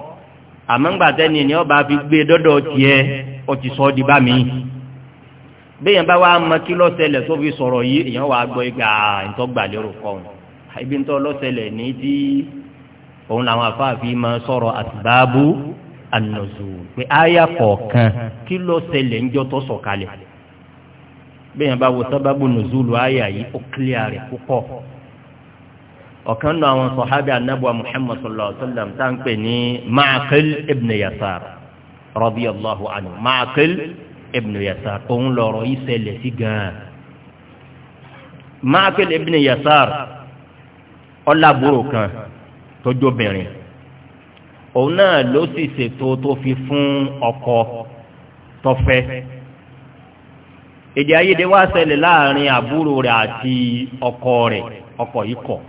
àmọ́ ńgbà tẹ́ni ni ọba fi gbé dọ́dọ̀ tiẹ̀ ọ ti sọ di bá mi bẹ́ẹ̀ yẹn bá wá mọ kí ló ṣẹlẹ̀ tó fi sọ̀rọ̀ yìí èèyàn wàá gbọ́ ìgbà ìtọ́gbà lérò kọ́ ọ̀hún ibi ń tọ́ ló ṣẹlẹ̀ ní tí òun làwọn àfáà an-nuzul pé àyà kọ̀ọ̀kan kí ló ṣẹlẹ̀ ńjọ́ tó sọ̀kalẹ̀ bẹ́ẹ̀ yẹn bá wo sábàbù nùzúlù àyà yìí ó kílíà rẹ̀ púpọ̀ ọ̀kan nù àwọn sọ̀hábì anábùwà Muhammad sallallahu alayhi wa sallam tá à ń pè ní Ma'qil ibn Yasar radiyallahu anhu Ma'qil ibn Yasar òun lọ̀rọ̀ yìí ṣẹlẹ̀ sí gan-an ibn Yasar ọ̀làbúrò kan tó jóbìnrin òun náà ló sì ṣètò tó fi fún ọkọ tọfẹ èdè àìyedè wá ṣẹlẹ̀ láàrin àbúrò rẹ̀ àti ọkọ rẹ̀ ọkọ yìí kọ̀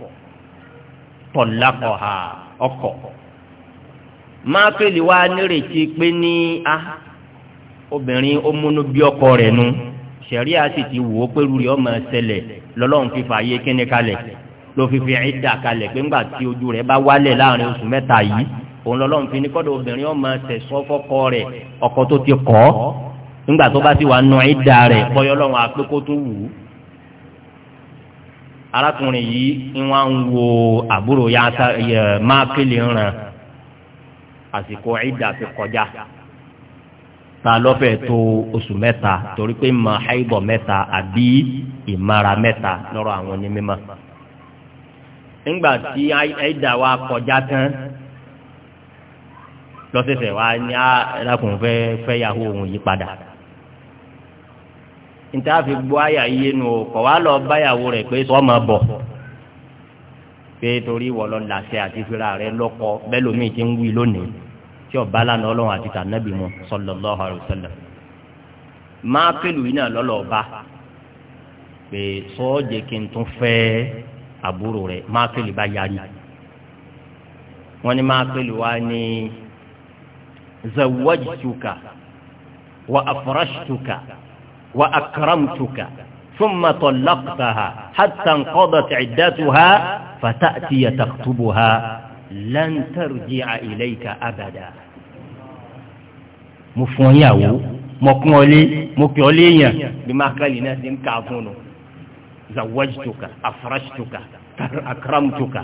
tọ̀lákọ̀ ha ọkọ̀ mákèlì wa nírètí pé ní a obìnrin ó múnú bí ọkọ rẹ̀ nu sẹ̀rí a sì ti wò ó pé rúri ọmọ ṣẹlẹ̀ lọ́lọ́run fífa ayé kíni kalẹ̀ ló fi fi kalẹ̀ pé ńgbà tí ojú rẹ̀ bá wálẹ̀ láàrin oṣù mẹ́ta yìí òun lọ́lọ́run fi ní kọ́dọ̀ obìnrin ọmọ fọ́kọ rẹ̀ ọkọ tó ti kọ́ nígbà tó bá sì wà nù ìdá rẹ̀ bọ́yọ́ lọ́run àpé kó tó wù ú. arákùnrin yìí ni wọ́n ń wo àbúrò ya máa ń ràn àsìkò ìdá ti kọjá ta lọ́fẹ̀ tó ma mẹ́ta àbí ìmara mẹ́ta lọ́rọ̀ àwọn onímọ̀. kọjá lọ́sẹ̀sẹ̀ wa ní alákùn ah, fẹ́ fẹ́ yahoo òun yí padà níta fi gbọ́ àyà yé nu o kọ̀ wá lọ báyàwó rẹ̀ pé sọ ma bọ̀ pé torí wọ́lọ́ làṣẹ àti fira rẹ̀ lọ́kọ́ bẹ́ẹ̀ lómi ti ń wí lónìí tí ọba lánà ọlọ́run àti tànàbì mu sallallahu alaihi wasallam máa pèlú yìí náà lọ́lọ́ọ̀ba pé sọ́ọ̀jẹ̀ kí n tún fẹ́ àbúrò rẹ̀ máa pèlú bá yarí wọ́n ní máa pèlú wa ní. Ni زوجتك وأفرشتك وأكرمتك ثم طلقتها حتى انقضت عدتها فتأتي تخطبها لن ترجع إليك أبدا مفوياو مكمولي مكيوليا بما قال ناس كافونو زوجتك أفرشتك أكرمتك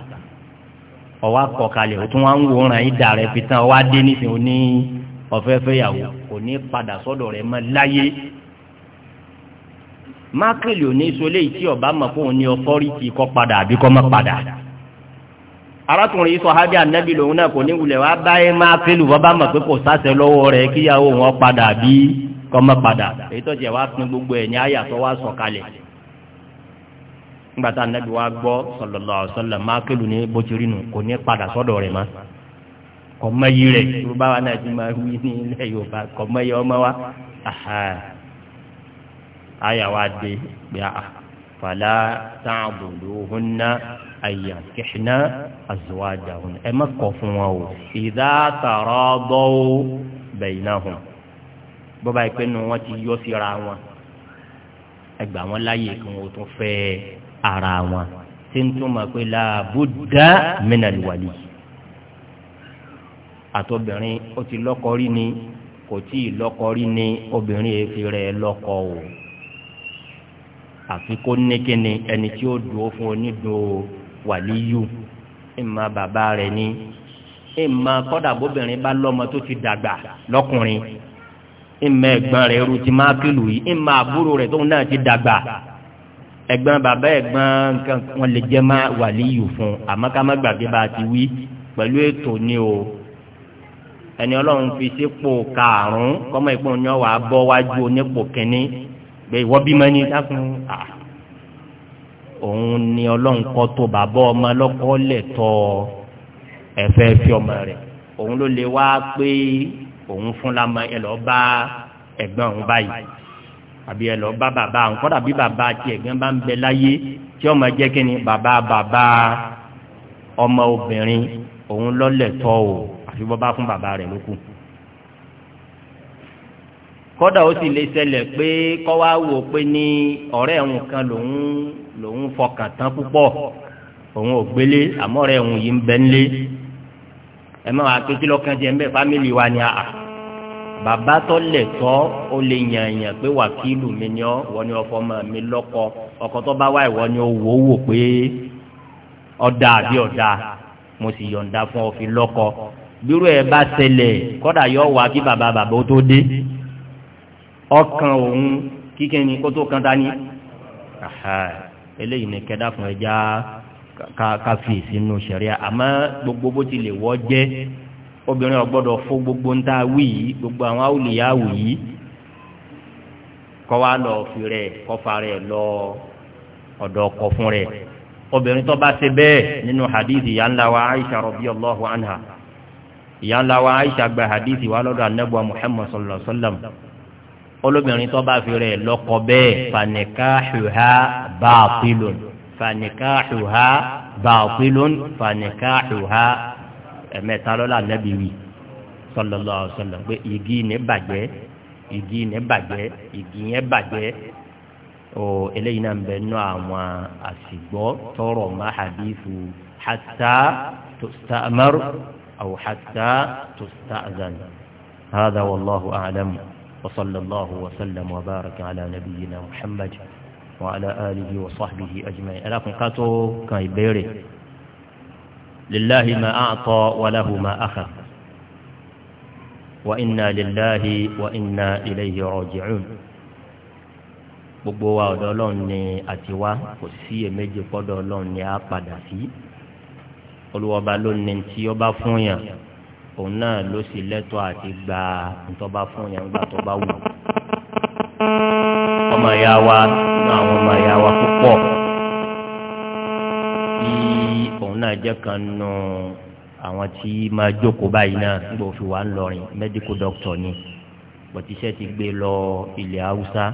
ọwọ́ akọ̀kalẹ̀ o tún wá ń wòran yín dà rẹ̀ fi tán ọwọ́ adé nísìnyí o ní ọ̀fẹ́ fẹ́yàwó kò ní padà sọ́dọ̀ rẹ̀ mọ́ láyé mákìlì ò ní sọlé tí ọba mọ̀ fún òun ní ọfọ́rìtì kọ́ padà àbí kọ́ mọ́ padà arákùnrin yìí sọ hábí ànábì lòun náà kò ní wulẹ̀ wá báyé mákìlì bọ́bá mọ̀ pé kò sáṣẹ lọ́wọ́ rẹ̀ kíyàwó wọn padà àbí kọ́ mọ́ padà èyí wá pín gbogbo ẹ̀ ní àyà tó wá sọ̀kalẹ̀ ngbàtà anabi wa gbọ́ sallallahu alaihi wasallam máa kélu ní bọ́tìrínù kò ní padà sọ́dọ̀ rẹ̀ mọ́ kọ̀mọ́yì rẹ̀ yorùbá wa náà ti máa wí ní ilẹ̀ yorùbá kọ̀mọ́yì ọmọ wa àyà wa dé pé ah, a fàlà ta'buduhunna àyà kìhìnà azwajahunna ẹ má kọ̀ fún wọn o idha taradaw bainahum bọ́ba ìpinnu wọn ti yọ síra wọn ẹgbà wọn láyè kí wọn tún fẹ́ ara wọn tí ń túmọ̀ pé làbúdà mìnàlùwàlì àtobìnrin ó ti lọ́kọ rí ni kò tí ì lọ́kọ rí ni obìnrin èéfi rẹ̀ lọ́kọ o àfi kó nékéne ẹni tí ó dùn ó fún onídò wàlíyù ìmọ̀ bàbá rẹ̀ ni ìmọ̀ kọ́dà bóbìnrin bá lọ́mọ tó ti dàgbà lọ́kùnrin ìmọ̀ ẹ̀gbọ́n rẹ̀ rú ti máa kílù yìí ìmọ̀ àbúrò rẹ̀ tóun náà ti dàgbà ẹ̀gbọ́n bàbá ẹ̀gbọ́n nǹkan wọn lè jẹ́ máa wàlíyù fún àmọ́ ká má gbàgbé bá a ti wí pẹ̀lú ètò ni o ẹni ọlọ́run fi sípò karùn-ún kọ́mọ ìpò ní ọwà bọ́ wájú onípò kínní pé ìwọ́ bímọ ní dákun à òun ni ọlọ́run kọ́ tó bàbá ọmọ ọlọ́kọ́ lẹ̀ tọ́ ẹ̀fẹ́ fi ọmọ rẹ̀ òun ló lè wá pé òun fúnra ẹ lọ bá ẹ̀gbọ́n òun báyìí àbí ẹ lọ bá bàbá àwọn kọ́dà bí bàbá tiẹ̀ gan bá ń bẹ láyé tí ọmọ jẹ́ kí ni bàbá bàbá ọmọ obìnrin òun lọ́lẹ̀ tọ́ o àfi bọ́ bá fún bàbá rẹ̀ lókù. kọ́dà ó sì lè ṣẹlẹ̀ pé kọ́ wá wò pé ní ọ̀rẹ́ ẹ̀hún kan lòun lòun fọkàn tán púpọ̀ òun ò gbélé àmọ́ ọ̀rẹ́ ẹ̀hún yìí ń bẹ ńlé ẹ má wàá jẹ́ ń bẹ fámìlì wa ni àà bàbá tó lè tọ́ ó lè yànyàn pé wàkílù mi ni ọ́ wọ́n ní ọkọ máa mi lọ́kọ ọkọ tó bá wà ìwọ ni ó wò ó wò pé ọ̀dà àbí ọ̀dà mo sì yọ̀ǹda fún ọ fi lọ́kọ bírú ẹ bá ṣẹlẹ̀ kọ́dà yọ wá kí bàbá bàbá ó tó dé ọkàn òun kíkẹ́ ni kó tó kan ta eléyìí ni kẹ́dá fún ẹja ká fi sínú sẹ̀ríà àmọ́ gbogbo bó ti lè wọ́ jẹ́ obìnrin ọ̀gbọ́dọ̀ fún gbogbo ń tá a wí yìí gbogbo àwọn àwùlíyà wù yìí kọ́ wa lọ fi rẹ̀ kọ́fà rẹ̀ lọ ọ̀dọ̀ ọkọ fún rẹ̀ obìnrin tó bá ṣe bẹ́ẹ̀ nínú hadithi ìyá ńlá wa aisha radiyallahu anha ìyá ńlá wa aisha gba hadithi wa lọ́dọ̀ anabuwa muhammad sallallahu alaihi wa sallam olóbìnrin tó bá fi rẹ̀ lọ́kọ bẹ́ẹ̀ fanikahuha baatilun fanikahuha baatilun fanikahuha ẹ̀mẹ́ta lọ́la nẹ́bi wí sallallahu alaihi wasallam pé igi ní bàjẹ́ igi ní bàjẹ́ igi yẹn bàjẹ́ o eléyìí náà ń bẹ nú àwọn àsìgbọ́ tọrọ má hadithu hatta tustamar aw hatta tustazan hadha wallahu a'lam wa sallallahu wa sallam wa baraka ala nabiyyina muhammad wa ala alihi wa sahbihi ajma'in ẹlẹ́kùn ká tó kan ìbéèrè lillahi ما أعطى وله ما أخذ akhadh لله inna إليه wa inna ilayhi raji'un gbogbo wa ọ̀dọ̀ ọlọ́run ni àti wa kò sí èméjì pọ́dọ̀ ọlọ́run ni a padà sí olùwọ́ba ló ní tí ó bá fún yàn òun náà ló sì lẹ́tọ̀ọ́ àti gba ntọ́ba fún yàn ńgbà bá wù ọmọ ìyá wa. òun náà jẹ́ kan nù àwọn tí máa jókòó báyìí náà nígbà òfin wà ń lọrin medical doctor ni bọ̀tíṣẹ́ ti gbé lọ ilẹ̀ haúsá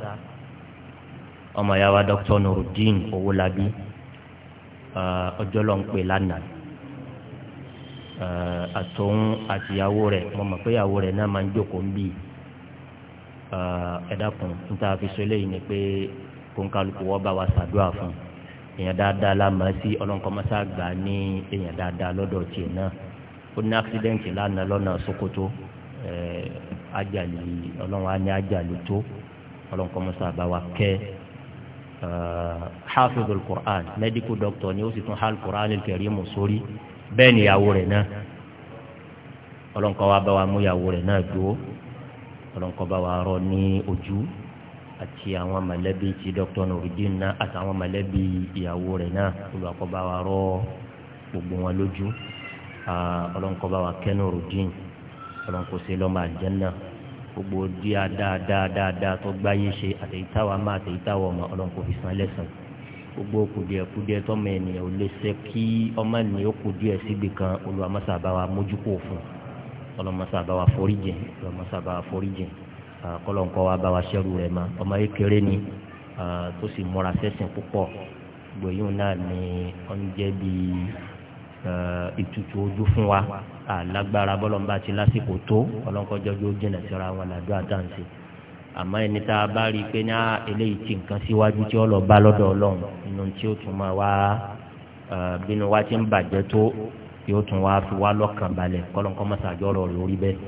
ọmọ yàrá dr nurudeen owólabí uh, ọjọ́ ló ń pè lánàá uh, àtòun àtìyàwó rẹ̀ mo mọ̀ pé ìyàwó rẹ̀ náà máa ń jókòó ń bì uh, ẹ̀dá kan níta fi sọ eléyìí ni pé kóńkálukú wọ́n bá wa ṣàdúrà fún un èèyàn dáadáa la máa sí ọlọ́nkọ́mọ́sá gbà ní èèyàn dáadáa lọ́dọ̀ tiẹ̀ náà ó ní accident lánàá lọ́nà Sokoto ajali ọlọ́run á ní ajali tó ọlọ́nkọ́mọ́sá bá wa kẹ́ the Qur'an medical doctor ni ó sì tún hal Qur'an al-Karim sórí bẹ́ẹ̀ ni ìyàwó rẹ̀ náà ọlọ́nkọ́ wa bá wa mú ìyàwó rẹ̀ náà dúró ọlọ́nkọ́ bá wa rọ ní ojú àti àwọn mọ̀lẹ́bí ti dr nurudin náà àtàwọn mọ̀lẹ́bí ìyàwó rẹ̀ náà olùwàkọ́bá wa rọ́ gbogbo wọn lójú ọlọ́nkọ́bá wa kẹ́ nurudin ọlọ́nkọ́sẹ́ lọ́mọ àjẹ́nà gbogbo díà dáadáa dáadáa tó gbáyé ṣe àtẹ̀yítàwá má àtẹ̀yítàwá ọmọ ọlọ́nkọ́ fi san lẹ́sàn gbogbo kùdìẹ̀kùdìẹ̀ tọ́mọ ènìyàn ò lè ṣe kí ọmọ ènìyàn ó kùdìẹ̀ síbi kan olùwàmọ́sàbáwa mójúkò fún ọlọ́mọsàbáwa foríjìn ọlọ́mọsàbáwa foríjìn kọlọ́nkọ́ wa bá wa ṣẹ́rù rẹ̀ ma ọmọ yìí kéré ni tó sì múra sẹ́sìn púpọ̀ gbòyún náà ni ó ń jẹ́ bí ìtutù ojú fún wa alágbára bọ́lọ́mbà ti lásìkò tó ọlọ́nkọ́jọ́ yóò jìnà síra wọn làdúrà dáǹsì àmọ́ ẹni tá a bá rí i pé ní ah, eléyìí ti nǹkan síwájú tí ó lọ bá lọ́dọ̀ ọlọ́run inú tí ó tún máa wá bínú wa ti ń bàjẹ́ tó yóò tún wá fi wá lọ́kàn balẹ̀ kọ́lọ́nkọ́ mọ́sàájọ́ rẹ̀ orí bẹ́ẹ̀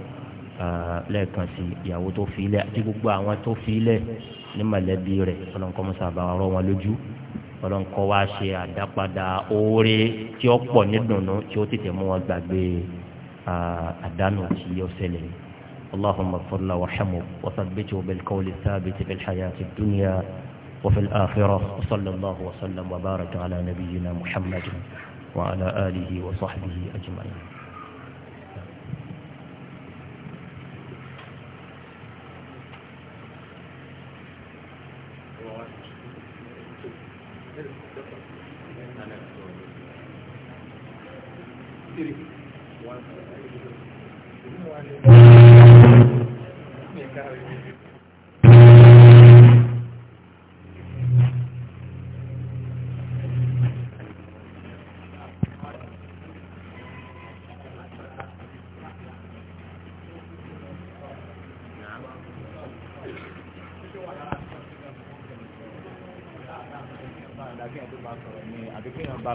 lẹ́ẹ̀kan sí ìyàwó tó fi ilẹ̀ àti gbogbo àwọn tó fi ilẹ̀ ní mọ̀lẹ́bí rẹ̀ ọlọ́nkọ́ mọ́sàbà ọ̀rọ̀ wọn lójú ọlọ́nkọ́ wa ṣe àdápadà oore tí ó pọ̀ nídùnnú tí ó tètè mú wọn gbàgbé àdánù tí ó اللهم اغفر له وارحمه وثبته بالقول الثابت في الحياة الدنيا وفي الآخرة وصلى الله وسلم وبارك على نبينا محمد وعلى آله وصحبه أجمعين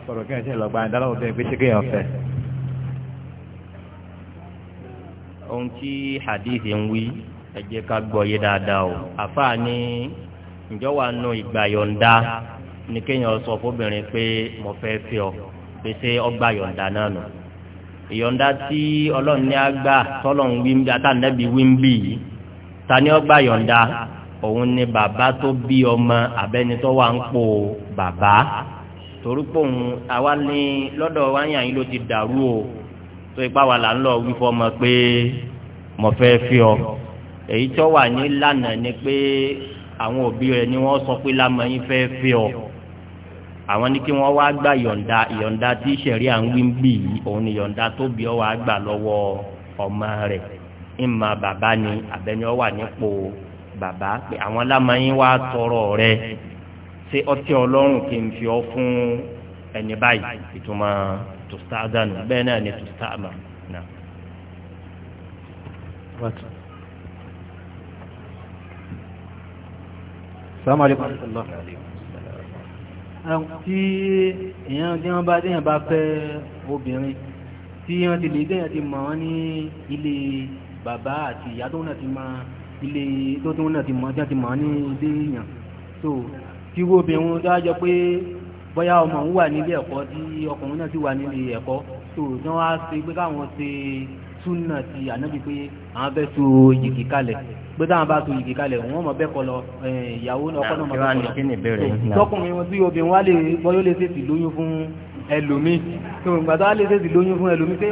sọ̀rọ̀ kí ẹ ṣe lọ́gbà ìdáláwọ̀ tó yẹ pé kéèyàn fẹ́. ohun tí hadith ń wí ẹ jẹ́ ká gbọ́ yé dáadáa o àfáà ní ǹjọ́ wà nù ìgbà yọ̀ǹda ni kéèyàn sọ fóbìnrin pé mo fẹ́ fi ọ pé ṣé ọgbà yọ̀ǹda náà nù ìyọ̀ǹda tí ọlọ́run ní àgbà tọ́lọ́run wí ń bí atánẹ́bí wí ń bí yìí ta ni ọgbà yọ̀ǹda òun ni bàbá tó bí ọmọ abẹ́ni tó wà ń pò bàbá torúpò ń àwa ní lọ́dọ̀ wa yàn yín ló ti dàrú o tó ipá wa là ń lọ wí fọmọ pé mo fẹ́ fi ọ èyí tó wà ní lànà ni pé àwọn òbí rẹ ni wọ́n sọ pé lámọ yín fẹ́ fi ọ àwọn ní kí wọ́n wá gba yọ̀ǹda yọ̀ǹda tí sẹ̀rí à ń wí ń bì yìí òun ni yọ̀ǹda tó bí ọ wà á gbà lọ́wọ́ ọmọ rẹ̀ ìmọ̀ bàbá ni àbẹ́ni ọ wà nípò bàbá pé àwọn lámọ yín wá tọrọ rẹ̀ ṣé ọtí ọlọ́run kì í fi ọ fún ẹni báyìí ìtumọ̀ tòstádánù bẹ́ẹ̀ náà ni tòstáàmà náà. sàmà àlekún ṣọlá tí èèyàn tí wọ́n bá déyàn bá fẹ́ obìnrin tí wọ́n ti lè déyàn ti mọ̀ wọ́n ní ilé bàbá àti ìyá tó náà ti mọ̀ ilé tó tó náà ti mọ̀ tí ní ilé èèyàn so tí wo obìnrin tó wájọ pé bóyá ọmọ òun wà nílé ẹ̀kọ́ tí ọkùnrin náà sì wà nílé ẹ̀kọ́ tó náà wá ṣe pé káwọn ṣe súnà ti ànábi pé àwọn fẹ́ so yìgì kalẹ̀ pé táwọn bá so yìgì kalẹ̀ wọ́n mọ̀ bẹ́ẹ̀ kọ́ lọ ìyàwó ọkọ náà mọ̀ bẹ́ẹ̀ kọ́ lọ tọkùnrin wọn tí obìnrin wá lè bọ́yọ́ lè ṣèṣì lóyún fún ẹlòmíì tó ìgbà tó wá lè ṣèṣì lóyún fún ẹlòmíì pé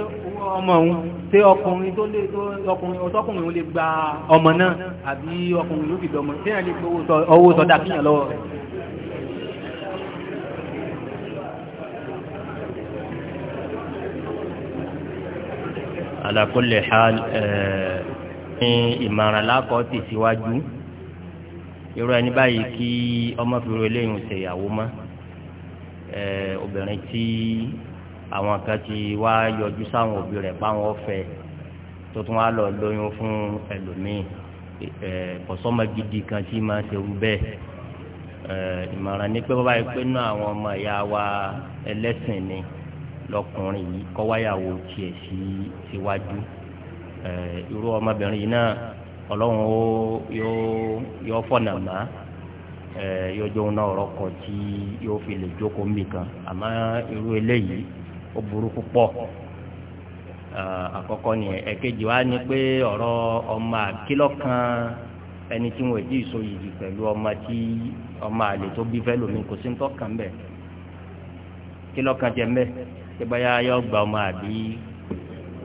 ọmọ òun ṣé ọkùnrin tó lè tó ọkùnrin lè gba ọmọ náà àbí ọkùnrin ló fi dọmọ ṣé lè gbowó sọdá kíyàn lọ́wọ́ ala kulli hal eh, ní ìmọ̀ràn lákọ̀ ti síwájú irú ẹni báyìí kí ọmọ fìrò eléyìí ṣe ìyàwó mọ́ eh, obìnrin tí àwọn kan ti wá yọjú sáwọn òbí rẹ̀ páwọn ọ̀fẹ́ tó tún wá lọ lóyún fún ẹlòmíì eh, kọ̀sọ́mọ gidi kan tí máa ṣerú bẹ́ẹ̀ ìmọ̀ràn ni pé bàbá yìí pé náà àwọn ọmọ ìyá wa ẹlẹ́sìn ni lọkùnrin yìí kọ́ tiẹ̀ sí síwájú irú ọmọbìnrin yìí náà ọlọ́run ó yóò fọ̀nà má yóò jóun náà rọkọ̀ tí yóò fi lè jókòó mbì àmọ́ irú eléyìí ó burú púpọ̀ àkọ́kọ́ nìyẹn ẹ̀kejì wa ni pé ọ̀rọ̀ ọmọ àkìlọ̀ kan ẹni tí wọn ò tí yìí pẹ̀lú ọmọ tí ọmọ àlè tó bí fẹ́ lómi kò sí ń tọ́ kàn bẹ́ẹ̀ kìlọ̀ kan jẹ́ mbẹ́ẹ̀ tí báyà yọ gba ọmọ àbí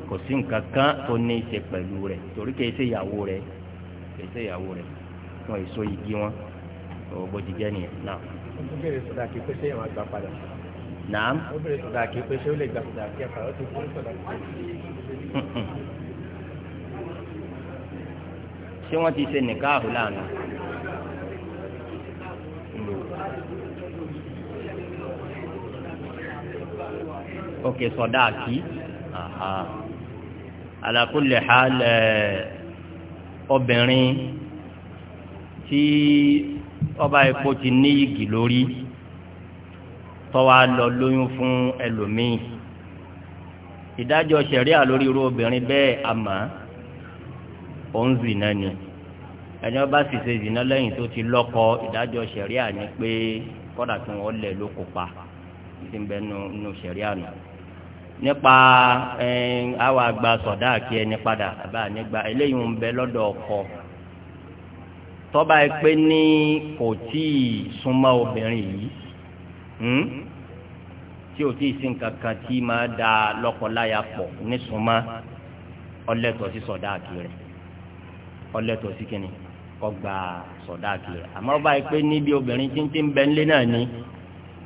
kò sí nǹkan kan tó ní í ṣe pẹ̀lú rẹ̀ torí kìí ṣe ìyàwó rẹ̀ kìí ṣe ìyàwó rẹ̀ wọn èso igi wọn ọ̀rọ̀ bó ti jẹ́ nìyẹn náà. ó bèrè sọ̀dà kí pé ṣé ìwọ̀n àgbà padà. naam. ó bèrè sọ̀dà kí pé ṣé ó lè gbà sọ̀dà kí ẹ̀ka ó ti kún sọ̀dà kí. ṣé wọ́n ti ṣe nìkáàbù láàánú. òkè sọ̀dá àti ala kulli hal eh, obìnrin tí ọba epo ti ní igi lórí tọ́wá lọ lóyún fún ẹlòmíì ìdájọ́ ṣẹ̀ríà lórí irú obìnrin bẹ́ẹ̀ àmọ́ òun zìnà ni ẹni ọba sì ṣe zìnà lẹ́yìn tó ti lọ́kọ ìdájọ́ ṣẹ̀ríà ni pé kọ́dà tí wọ́n lẹ̀ ló kópa ìsìnbẹ́nu ṣẹ̀ríà nù. No nípa àwọn àgbà sọ̀dá àti ẹni padà àbá nígbà eléyìí ń bẹ lọ́dọ̀ ọkọ tọ́ba ẹ pé ní kò tí ì súnmọ́ obìnrin yìí hmm, tí ò tí ì sí nǹkan kan tí máa da lọ́kọláya pọ̀ ní súnmọ́ ọlẹ́tọ̀ sí sọ̀dá àti rẹ̀ ọlẹ́tọ̀ sí kínní kọ́ gba sọ̀dá àti rẹ̀ àmọ́ ọba ẹ pé níbi obìnrin tí ń ti ń bẹ nílé náà ni.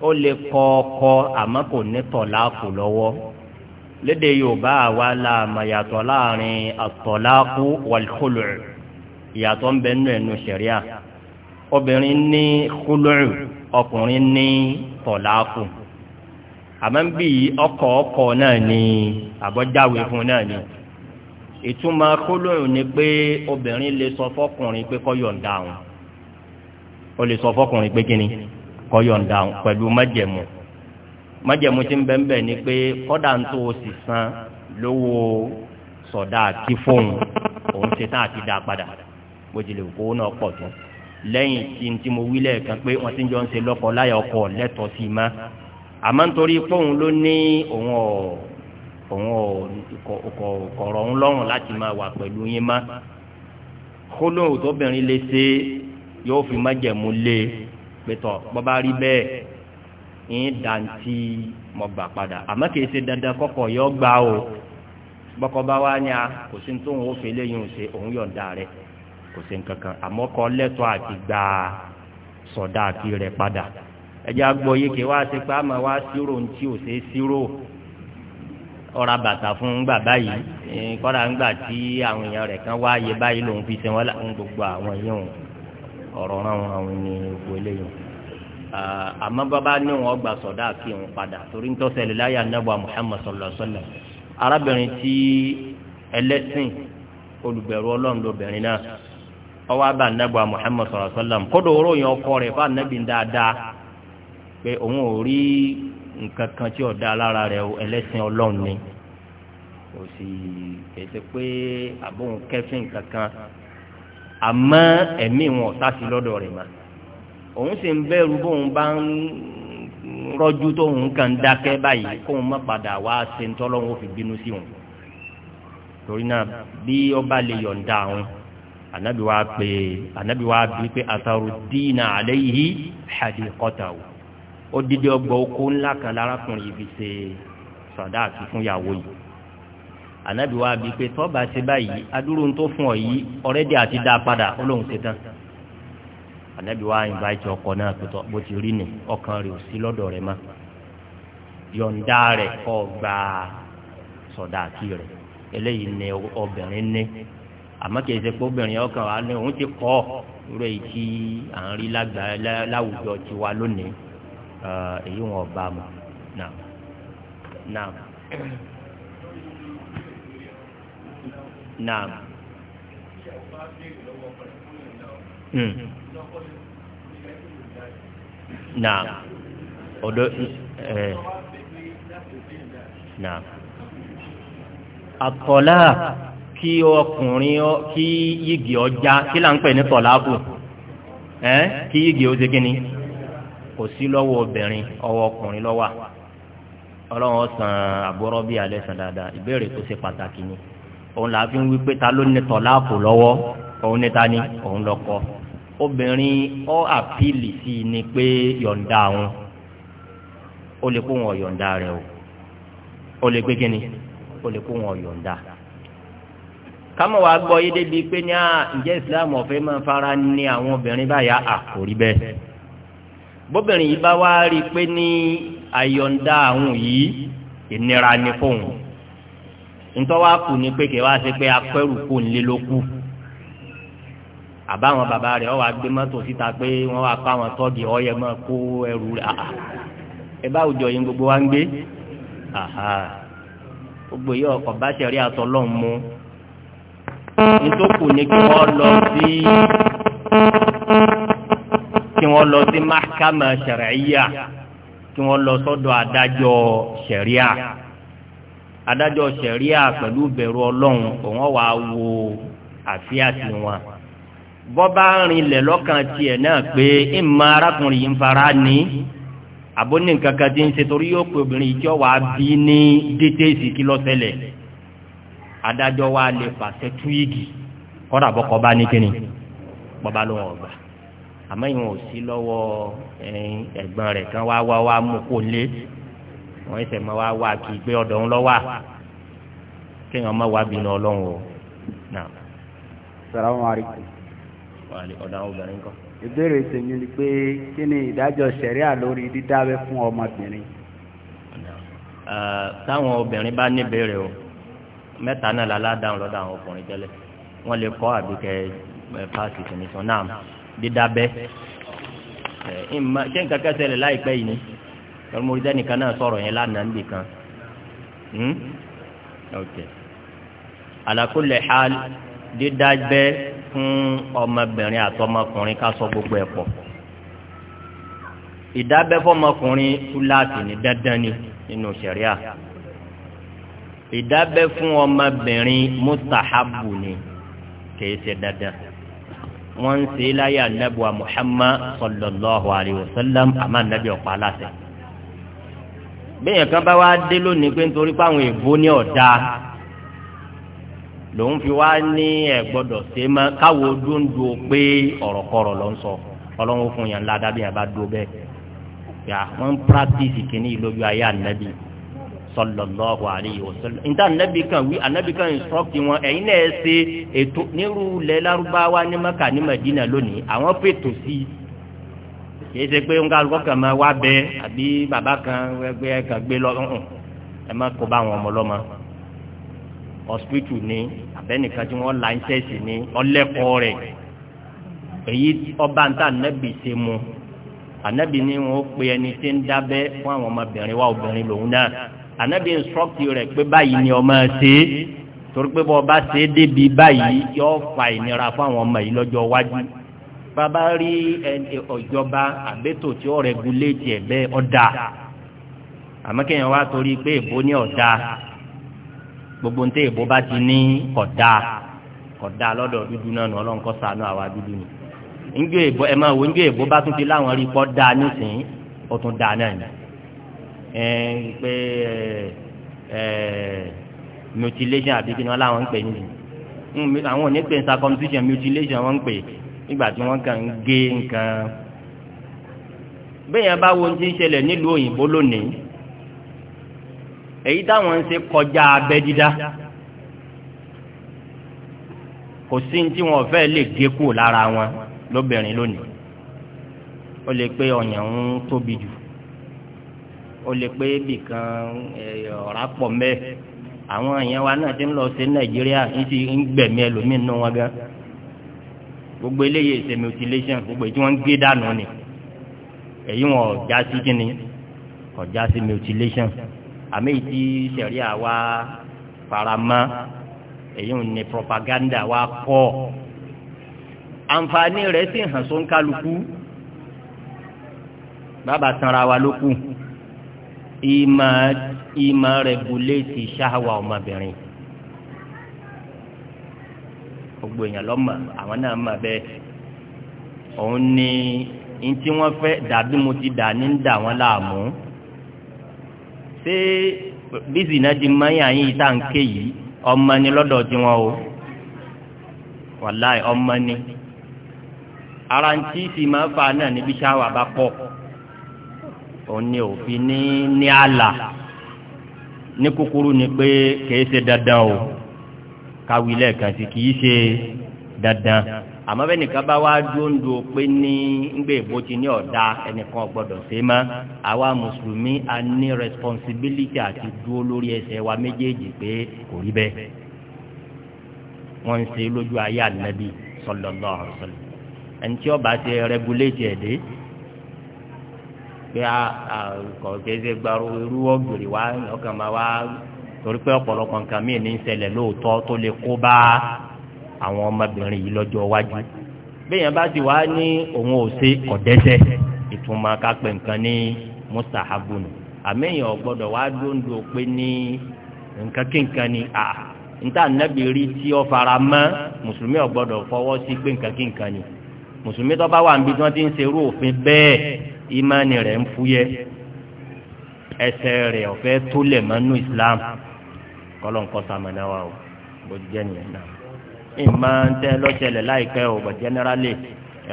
ó lè kọ ọkọ àmọ́ kò ní tọ̀láàkù lọ́wọ́ lédè yorùbá àwa la mà yàtọ̀ láàrin àtọ̀láàkù wàlúkúlù ìyàtọ̀ ń bẹ nínú ẹnu sẹ̀ríà obìnrin ní kúlù ọkùnrin ní tọ̀láàkù àmọ́ ń bí ọkọ ọkọ náà ni àbọ̀jáwé fún náà ni ìtumọ̀ kúlù ni pé obìnrin lè sọ fọkùnrin pé kó yọ̀ǹda òun ó lè sọ fọkùnrin pé kí kọ́yọ̀ǹda pẹ̀lú májẹ̀mú májẹ̀mú ti ń bẹ́ńbẹ́ ni pé kọ́dà ń tó o sì san lówó sọ̀dá àti fóun òun ṣe tán àti dá padà bó tilẹ̀ kó náà pọ̀ tó lẹ́yìn tí tí mo wí lẹ́ẹ̀kan pé wọ́n ti ń jọ ń ṣe lọ́kọ láyà ọkọ lẹ́tọ̀ọ́ sí i má àmọ́ nítorí póun ló ní òun ọ̀ òun ọ̀ kọ̀ọ̀rọ̀ ń lọ́rùn láti máa wà pẹ̀lú yín má kólóhùn tóbìnrin lè ṣe yóò fi májẹ̀mú lé e. pẹtọ bọba rí bẹ́ẹ̀ ń dantí mọgbà padà àmọ́ kìí ṣe dandan kọkọ yọ gbà o bọkọ bá wá a kò sí tó ń wò fẹlẹ yìí ń ṣe òun yọ̀ǹda kò sí nǹkankan àmọ́ kọ lẹ́tọ̀ọ́ àti gbà sọdá àti rẹ padà ẹjẹ agbọ kí wá sí pé wá fún gbà báyìí kọ́ra ń gbà tí àwọn èèyàn kan wá báyìí lòun fi ṣe wọ́n gbogbo àwọn ọ̀rọ̀ ráhùn ráhùn ní gbogbo eléyìí àmọ́ bàbá ní wọn gbà sọ̀dá kí wọn padà torí ń tọ́sẹ̀lẹ̀ láyà nàbà Muhammad sallallahu arábìnrin tí ẹlẹ́sìn olùbẹ̀rù ọlọ́run lóbìnrin náà ọwọ́ abà nàbà Muhammad sallallahu alaihi wasallam ọkọ fún anabi dáadáa pé òun ò rí nǹkan kan tí lára ẹlẹ́sìn ọlọ́run ni kò àmọ́ ẹ̀mí wọn ọ̀sá sí lọ́dọ̀ rẹ̀ mà òun sì ń bẹ̀rù bóun bá ń rọ́jú tóun kàn dákẹ́ báyìí kóun má padà wá ṣe ń tọ́lọ́wọ́ fi bínú sí òun torí náà bí ọba lè yọ̀ǹda àwọn anabi wa pe anabi wa bi pe asaru diina aleyhi hadiqatahu o didi ọgbọ oko ńlá kan lárakùnrin ibi ṣe sàdáàkì fún yàwó yìí ànábì bíi pé tọ́ba ṣe báyìí adúrú tó fún ọ yìí ọ̀rẹ́dì àti dá a padà ó lóun tán ànábì ọkọ náà pẹ̀tọ́ ti rí ni ọkàn rẹ̀ ò sí lọ́dọ̀ rẹ̀ mọ́ yọ̀ǹda rẹ̀ kọ́ gba sọ̀dáàkì rẹ̀ eléyìí ni obìnrin ní àmọ́ pé obìnrin ọkàn wa ní òun ti kọ́ irú tí à ń rí láwùjọ lónìí èyí wọn ọba mu naam. Hmm. naam odo ẹ eh. naam atọ́lá kí ọkùnrin kí yìgì ọjà kí là ń pè ní tọ́láàbù ẹ eh? kí yìgì ó ṣe kíni kò sí lọ́wọ́ obìnrin ọwọ́ okunrin ló wà ọlọ́run ó san àbúrò bíi dáadáa ìbéèrè tó ṣe pàtàkì ni. òun là fi ń wí pé ta ló ní tọ̀láàkù lọ́wọ́ òun ní ta ni òun lọ́kọ obìnrin ọ àpìlì sí i ni pé yọ̀ǹda òun ó lè kó wọn yọ̀ǹda rẹ̀ o ó lè pé kíni ó lè kó wọn yọ̀ǹda kámọ̀ wàá gbọ́ yé débi pé ní à ah, ǹjẹ́ Islam ọ̀fẹ́ máa fara ní àwọn obìnrin báyà àkórí ah, bẹ́ẹ̀ bóbìnrin yìí bá wá rí i pé ní àyọ̀ǹda àwọn yìí ìnira ni fóun ntọ́wá kù ní pé kí wá ṣe pé akẹ́rù kò ń lé lókù àbáwọn bàbá rẹ̀ wọ́n wá gbé mọ́tò síta pé wọ́n wá pa àwọn tọ́gì ọ̀yẹ́ mọ́ kó ẹrù rẹ̀ àhà ẹ bá òjò yín gbogbo wa ń gbé àhà gbogbo yìí ọkọ̀ bá ṣẹ̀rí àtọ́lọ́hún mu nítòkù ní kí wọ́n lọ sí kí wọ́n lọ sí mahkama ṣẹ̀ríyà kí wọ́n lọ sọ́dọ̀ adájọ́ ṣẹ̀ríyà adájọ́ sẹ̀ríà pẹ̀lú bẹ̀rù ọlọ́run òun wà wo àfíà sí wọn. bọ́bá rinlẹ̀ lọ́kàn tiẹ̀ náà pé ìmọ̀ arákùnrin yìí ń fara ní àbóní nǹkan kan ti ń ṣe torí yóò pé obìnrin ìjọ wà á bí ní détéèsì kí lọ́sẹ̀lẹ̀ adájọ́ wa lè pàṣẹ túyìgì kọ́dà bọ́kọ bá ní kíni bọ́bá ló wọ̀ gbà àmọ́ ìwọ̀n ò sí lọ́wọ́ ẹ̀gbọ́n rẹ̀ kan wá wá wá mú kó lé wọ́n ẹsẹ̀ máa wá wá kí gbé ọ̀dọ̀ ń lọ́wọ́ kéèyàn máa wá bínú ọlọ́run o. salamu alaykum. wà á lè ọ̀dọ̀ àwọn obìnrin kan. ìbéèrè tèmi ni pé kí ni ìdájọ́ sẹ̀ríà lórí dídábẹ́ fún ọmọbìnrin. táwọn obìnrin bá níbèrè o mẹ́ta náà la ládàá lọ́dọ̀ àwọn ọkùnrin tẹ́lẹ̀ wọ́n lè kọ́ àbíkẹ́ páàkì tìǹtì náà dídábẹ́ ṣé nǹkan kẹsẹ̀ lè láìpẹ́ yìí ni lọ́mọ orí sẹ́nìkan náà sọ̀rọ̀ yẹn lánàá níbì kan àlàkùlẹ̀ hmm? ha dídábẹ́ fún ọmọbìnrin àtọmọkùnrin ká sọ gbogbo ẹ̀ pọ̀ ìdábẹ́ fọmọkùnrin túláàsì ní dandan ni nínú ṣẹ̀ríà ìdábẹ́ fún ọmọbìnrin mustahabu ni kìí ṣe dandan wọ́n ń ṣe láyà nẹ́bùà Muhammad sallallahu alayhi wa sallam àmà nẹ́bí ọ̀pá aláṣẹ bẹ́ẹ̀ kan bá wá dé lónìí pé nítorí pé àwọn èèbó ní ọ̀dà lòun fi wá ní ẹ̀ gbọ́dọ̀ ṣe é mọ́ káwo dúndú pé ọ̀rọ̀kọ̀rọ̀ ló ń sọ ọlọ́run fún yàn ládàá bí yàn bá dúró bẹ́ẹ̀ yà wọ́n ń pírátìsì kìíní lójú ayé ànábì sallallahu alayhi wa sallam nta ànábì kan wí ànábì kan instructi wọn ẹ̀yin náà ṣe ètò nírú lẹ́lárúbáwá ní maka ní madina lónìí àwọn fètò sí i kìí ṣe pé nǹkan alùpùpù kan máa wá bẹ àbí bàbá kan ẹgbẹ́ kan gbé lọ ọ̀hún ẹ má kó bá àwọn ọmọ lọ́mọ hospital ni abẹ́nìkan tí wọ́n la ń ṣẹ́ẹ̀sì ni ọlẹ́kọ̀ọ́ rẹ̀ èyí ọba ń tà nẹ́bì ṣe mu ànẹ́bì ni wọ́n pe ẹni tí ń dábẹ́ fún àwọn ọmọbìnrin wa obìnrin lòun náà ànẹ́bì instruct rẹ̀ pé báyìí ni ọmọ ṣe torí pé bọ́ ọba ṣe é débi báyìí yọ fa ìnira fún àwọn ọmọ yìí lọ́jọ́ iwájú bàbá rí ọ̀jọba àbẹ́tò tí ó rẹguléètì ẹ̀ bẹ́ẹ̀ ọ̀dà àmọ́ kéèyàn wá torí pé èbó ní ọ̀dà gbogbo ntẹ èbó bá ti ní kọ̀dà kọ̀dà lọ́dọ̀ dúdú náà nù ọlọ́run kọ́ sànú àwa dúdú ni njó èbó ẹ máa wo njó èbó bá tún ti láwọn rí kọ́ da nísìnyí ó tún da náà ni ẹ pé ẹ mutilation àbí kí ni wọn láwọn ń pè níbi àwọn ò ní pè circumcision mutilation wọn ń pè nígbà tí wọ́n kàn ń gé nǹkan bẹ́ẹ̀ yẹn bá wo ti ń ṣẹlẹ̀ nílùú òyìnbó lónìí èyí táwọn ń ṣe kọjá abẹ́ dídá kò sí ní tí wọ́n fẹ́ lè gé kúrò lára wọn lóbìnrin lónìí ó lè pé ọ̀yàn ń tóbi jù ó lè pé bìkan ọ̀rá pọ̀ mẹ́ẹ̀ àwọn èèyàn wa náà ti ń lọ sí nàìjíríà ń gbẹ̀mí ẹlòmíín nù wọn gan gbogbo eléyìí ṣe mutilation gbogbo èyí tí wọ́n ń gé dànù ni èyí wọn ọ̀já sí kí ni ọ̀já sí àmì ìtí sẹ̀ríà wa faramọ́ èyí ń ní propaganda wa pọ̀ àǹfààní rẹ̀ sì hàn só ń kálukú bàbá tanra wa ló kù ìmọ̀ ìmọ̀ rẹ̀ gùn léèsì ṣáà ọmọbìnrin gbogbo èèyàn lọ́mọ àwọn náà mọ̀ bẹ́ẹ̀ òun ni n tí wọ́n fẹ́ dàbí mo ti dà ní ń dà wọ́n láàmú ṣé bísí náà ti mọ yàn yín tá à ń ké yìí ọmọ ni lọ́dọ̀ tiwọn o wàláì ọmọ ni ara ń tí sì máa fa náà níbi ṣáwà bá pọ̀ òun ni òfin ní ní àlà ní kúkúrú ni pé kìí ṣe dandan o káwí lẹ́ẹ̀kan sí kì í ṣe dandan àmọ́ bẹ́ẹ̀ nìkan bá wá dóńdó pé ní ngbè bó ti ní ọ̀dà ẹnìkan gbọ́dọ̀ ṣe mọ́ àwa mùsùlùmí a ní responsibility àti dúró lórí ẹsẹ̀ wa méjèèjì pé kò rí bẹ́ẹ̀ wọ́n ń ṣe lójú ayé ànábì sallallahu alaihi wasallam ẹni tí ó bá ṣe regulate ẹ̀dẹ́ pé a kò gbàrú irú ọ̀gbìn wa ọkàn máa wá torí pé ọ̀pọ̀lọpọ̀ nǹkan míì ní ń ṣẹlẹ̀ lóòótọ́ tó lè kó bá àwọn ọmọbìnrin yìí lọ́jọ́ iwájú bẹ́ẹ̀yàn bá ti wá ní òun ò ṣe ọ̀dẹ́sẹ̀ ìtumọ̀ kápẹ́ nǹkan ní mustahabunu àmẹ́yìn ọ̀gbọ́dọ̀ wá dóńdó pé ní nǹkan kí nǹkan ni à níta nẹ́bi rí tí ó fara mọ́ mùsùlùmí ọ̀gbọ́dọ̀ fọwọ́ sí pé nǹkan kí nǹkan ni mùsùlùmí tó bá wà níbi tí wọ́n ti ń ṣerú òfin bẹ́ẹ̀ ìmánì rẹ̀ ń fúyẹ́ ẹsẹ̀ rẹ̀ ọ̀fẹ́ tó lẹ̀ mọ́nú Islam. Islam kọ́lọ́n kọ́ sàmánà wa o bó jẹ́ nìyẹn náà ìmọ̀ tẹ́ lọ́sẹ̀lẹ̀ láìpẹ́ o bọ̀ jẹ́nẹ́rálì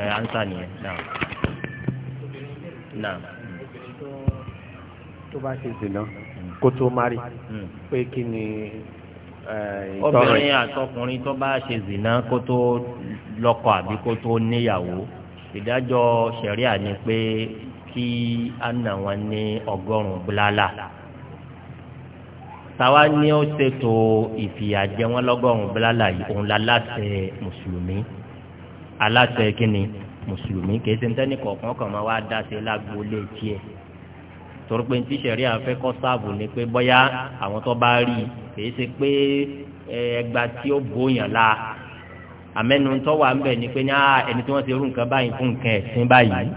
ẹ̀ ansa nìyẹn náà. náà. tó bá ṣe zìnà kó tó mari hmm. pé kí ni obìnrin àtọkùnrin tó bá ṣe zìnà kó tó lọ́kọ àbí kó tó níyàwó ìdájọ́ ṣẹ̀ríà ni pé kí á nà wọn ní ọgọ́rùn-ún bùlálà tàwa ni ó ṣètò ìfìyàjẹ wọn lọ́gọ́rùn-ún bílálà yìí òun láláṣẹ mùsùlùmí aláṣẹ kínní mùsùlùmí kìí ṣe ń tẹ́ni kọ̀ọ̀kan kan máa wá dá sí lágboolé tiẹ̀ torí pé ti sẹ̀rí àfẹ́kọ́ sáàbù ni pé bọ́yá àwọn tó bá rí kìí ṣe pé ẹgbà tí ó bóyàn la àmẹ́nu tó wà ń bẹ̀ ni pé ní ẹni tí wọ́n ti rú nǹkan báyìí fún nǹkan ẹ̀sìn báyìí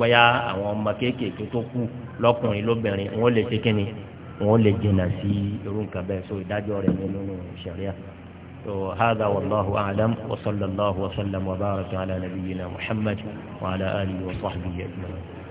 bọ́yá àwọn ọmọ kéékèèké tó kù lọ́kùnrin lóbìnrin wọ́n lè ṣe kínní wọn lè jìnnà sí irú nǹkan bẹ́ẹ̀ so ìdájọ́ rẹ̀ nínú ṣẹ̀ríà so hadha wallahu a'lam wa sallallahu wa sallam wa baraka ala nabiyyina muhammad wa ala alihi wa sahbihi ajma'in.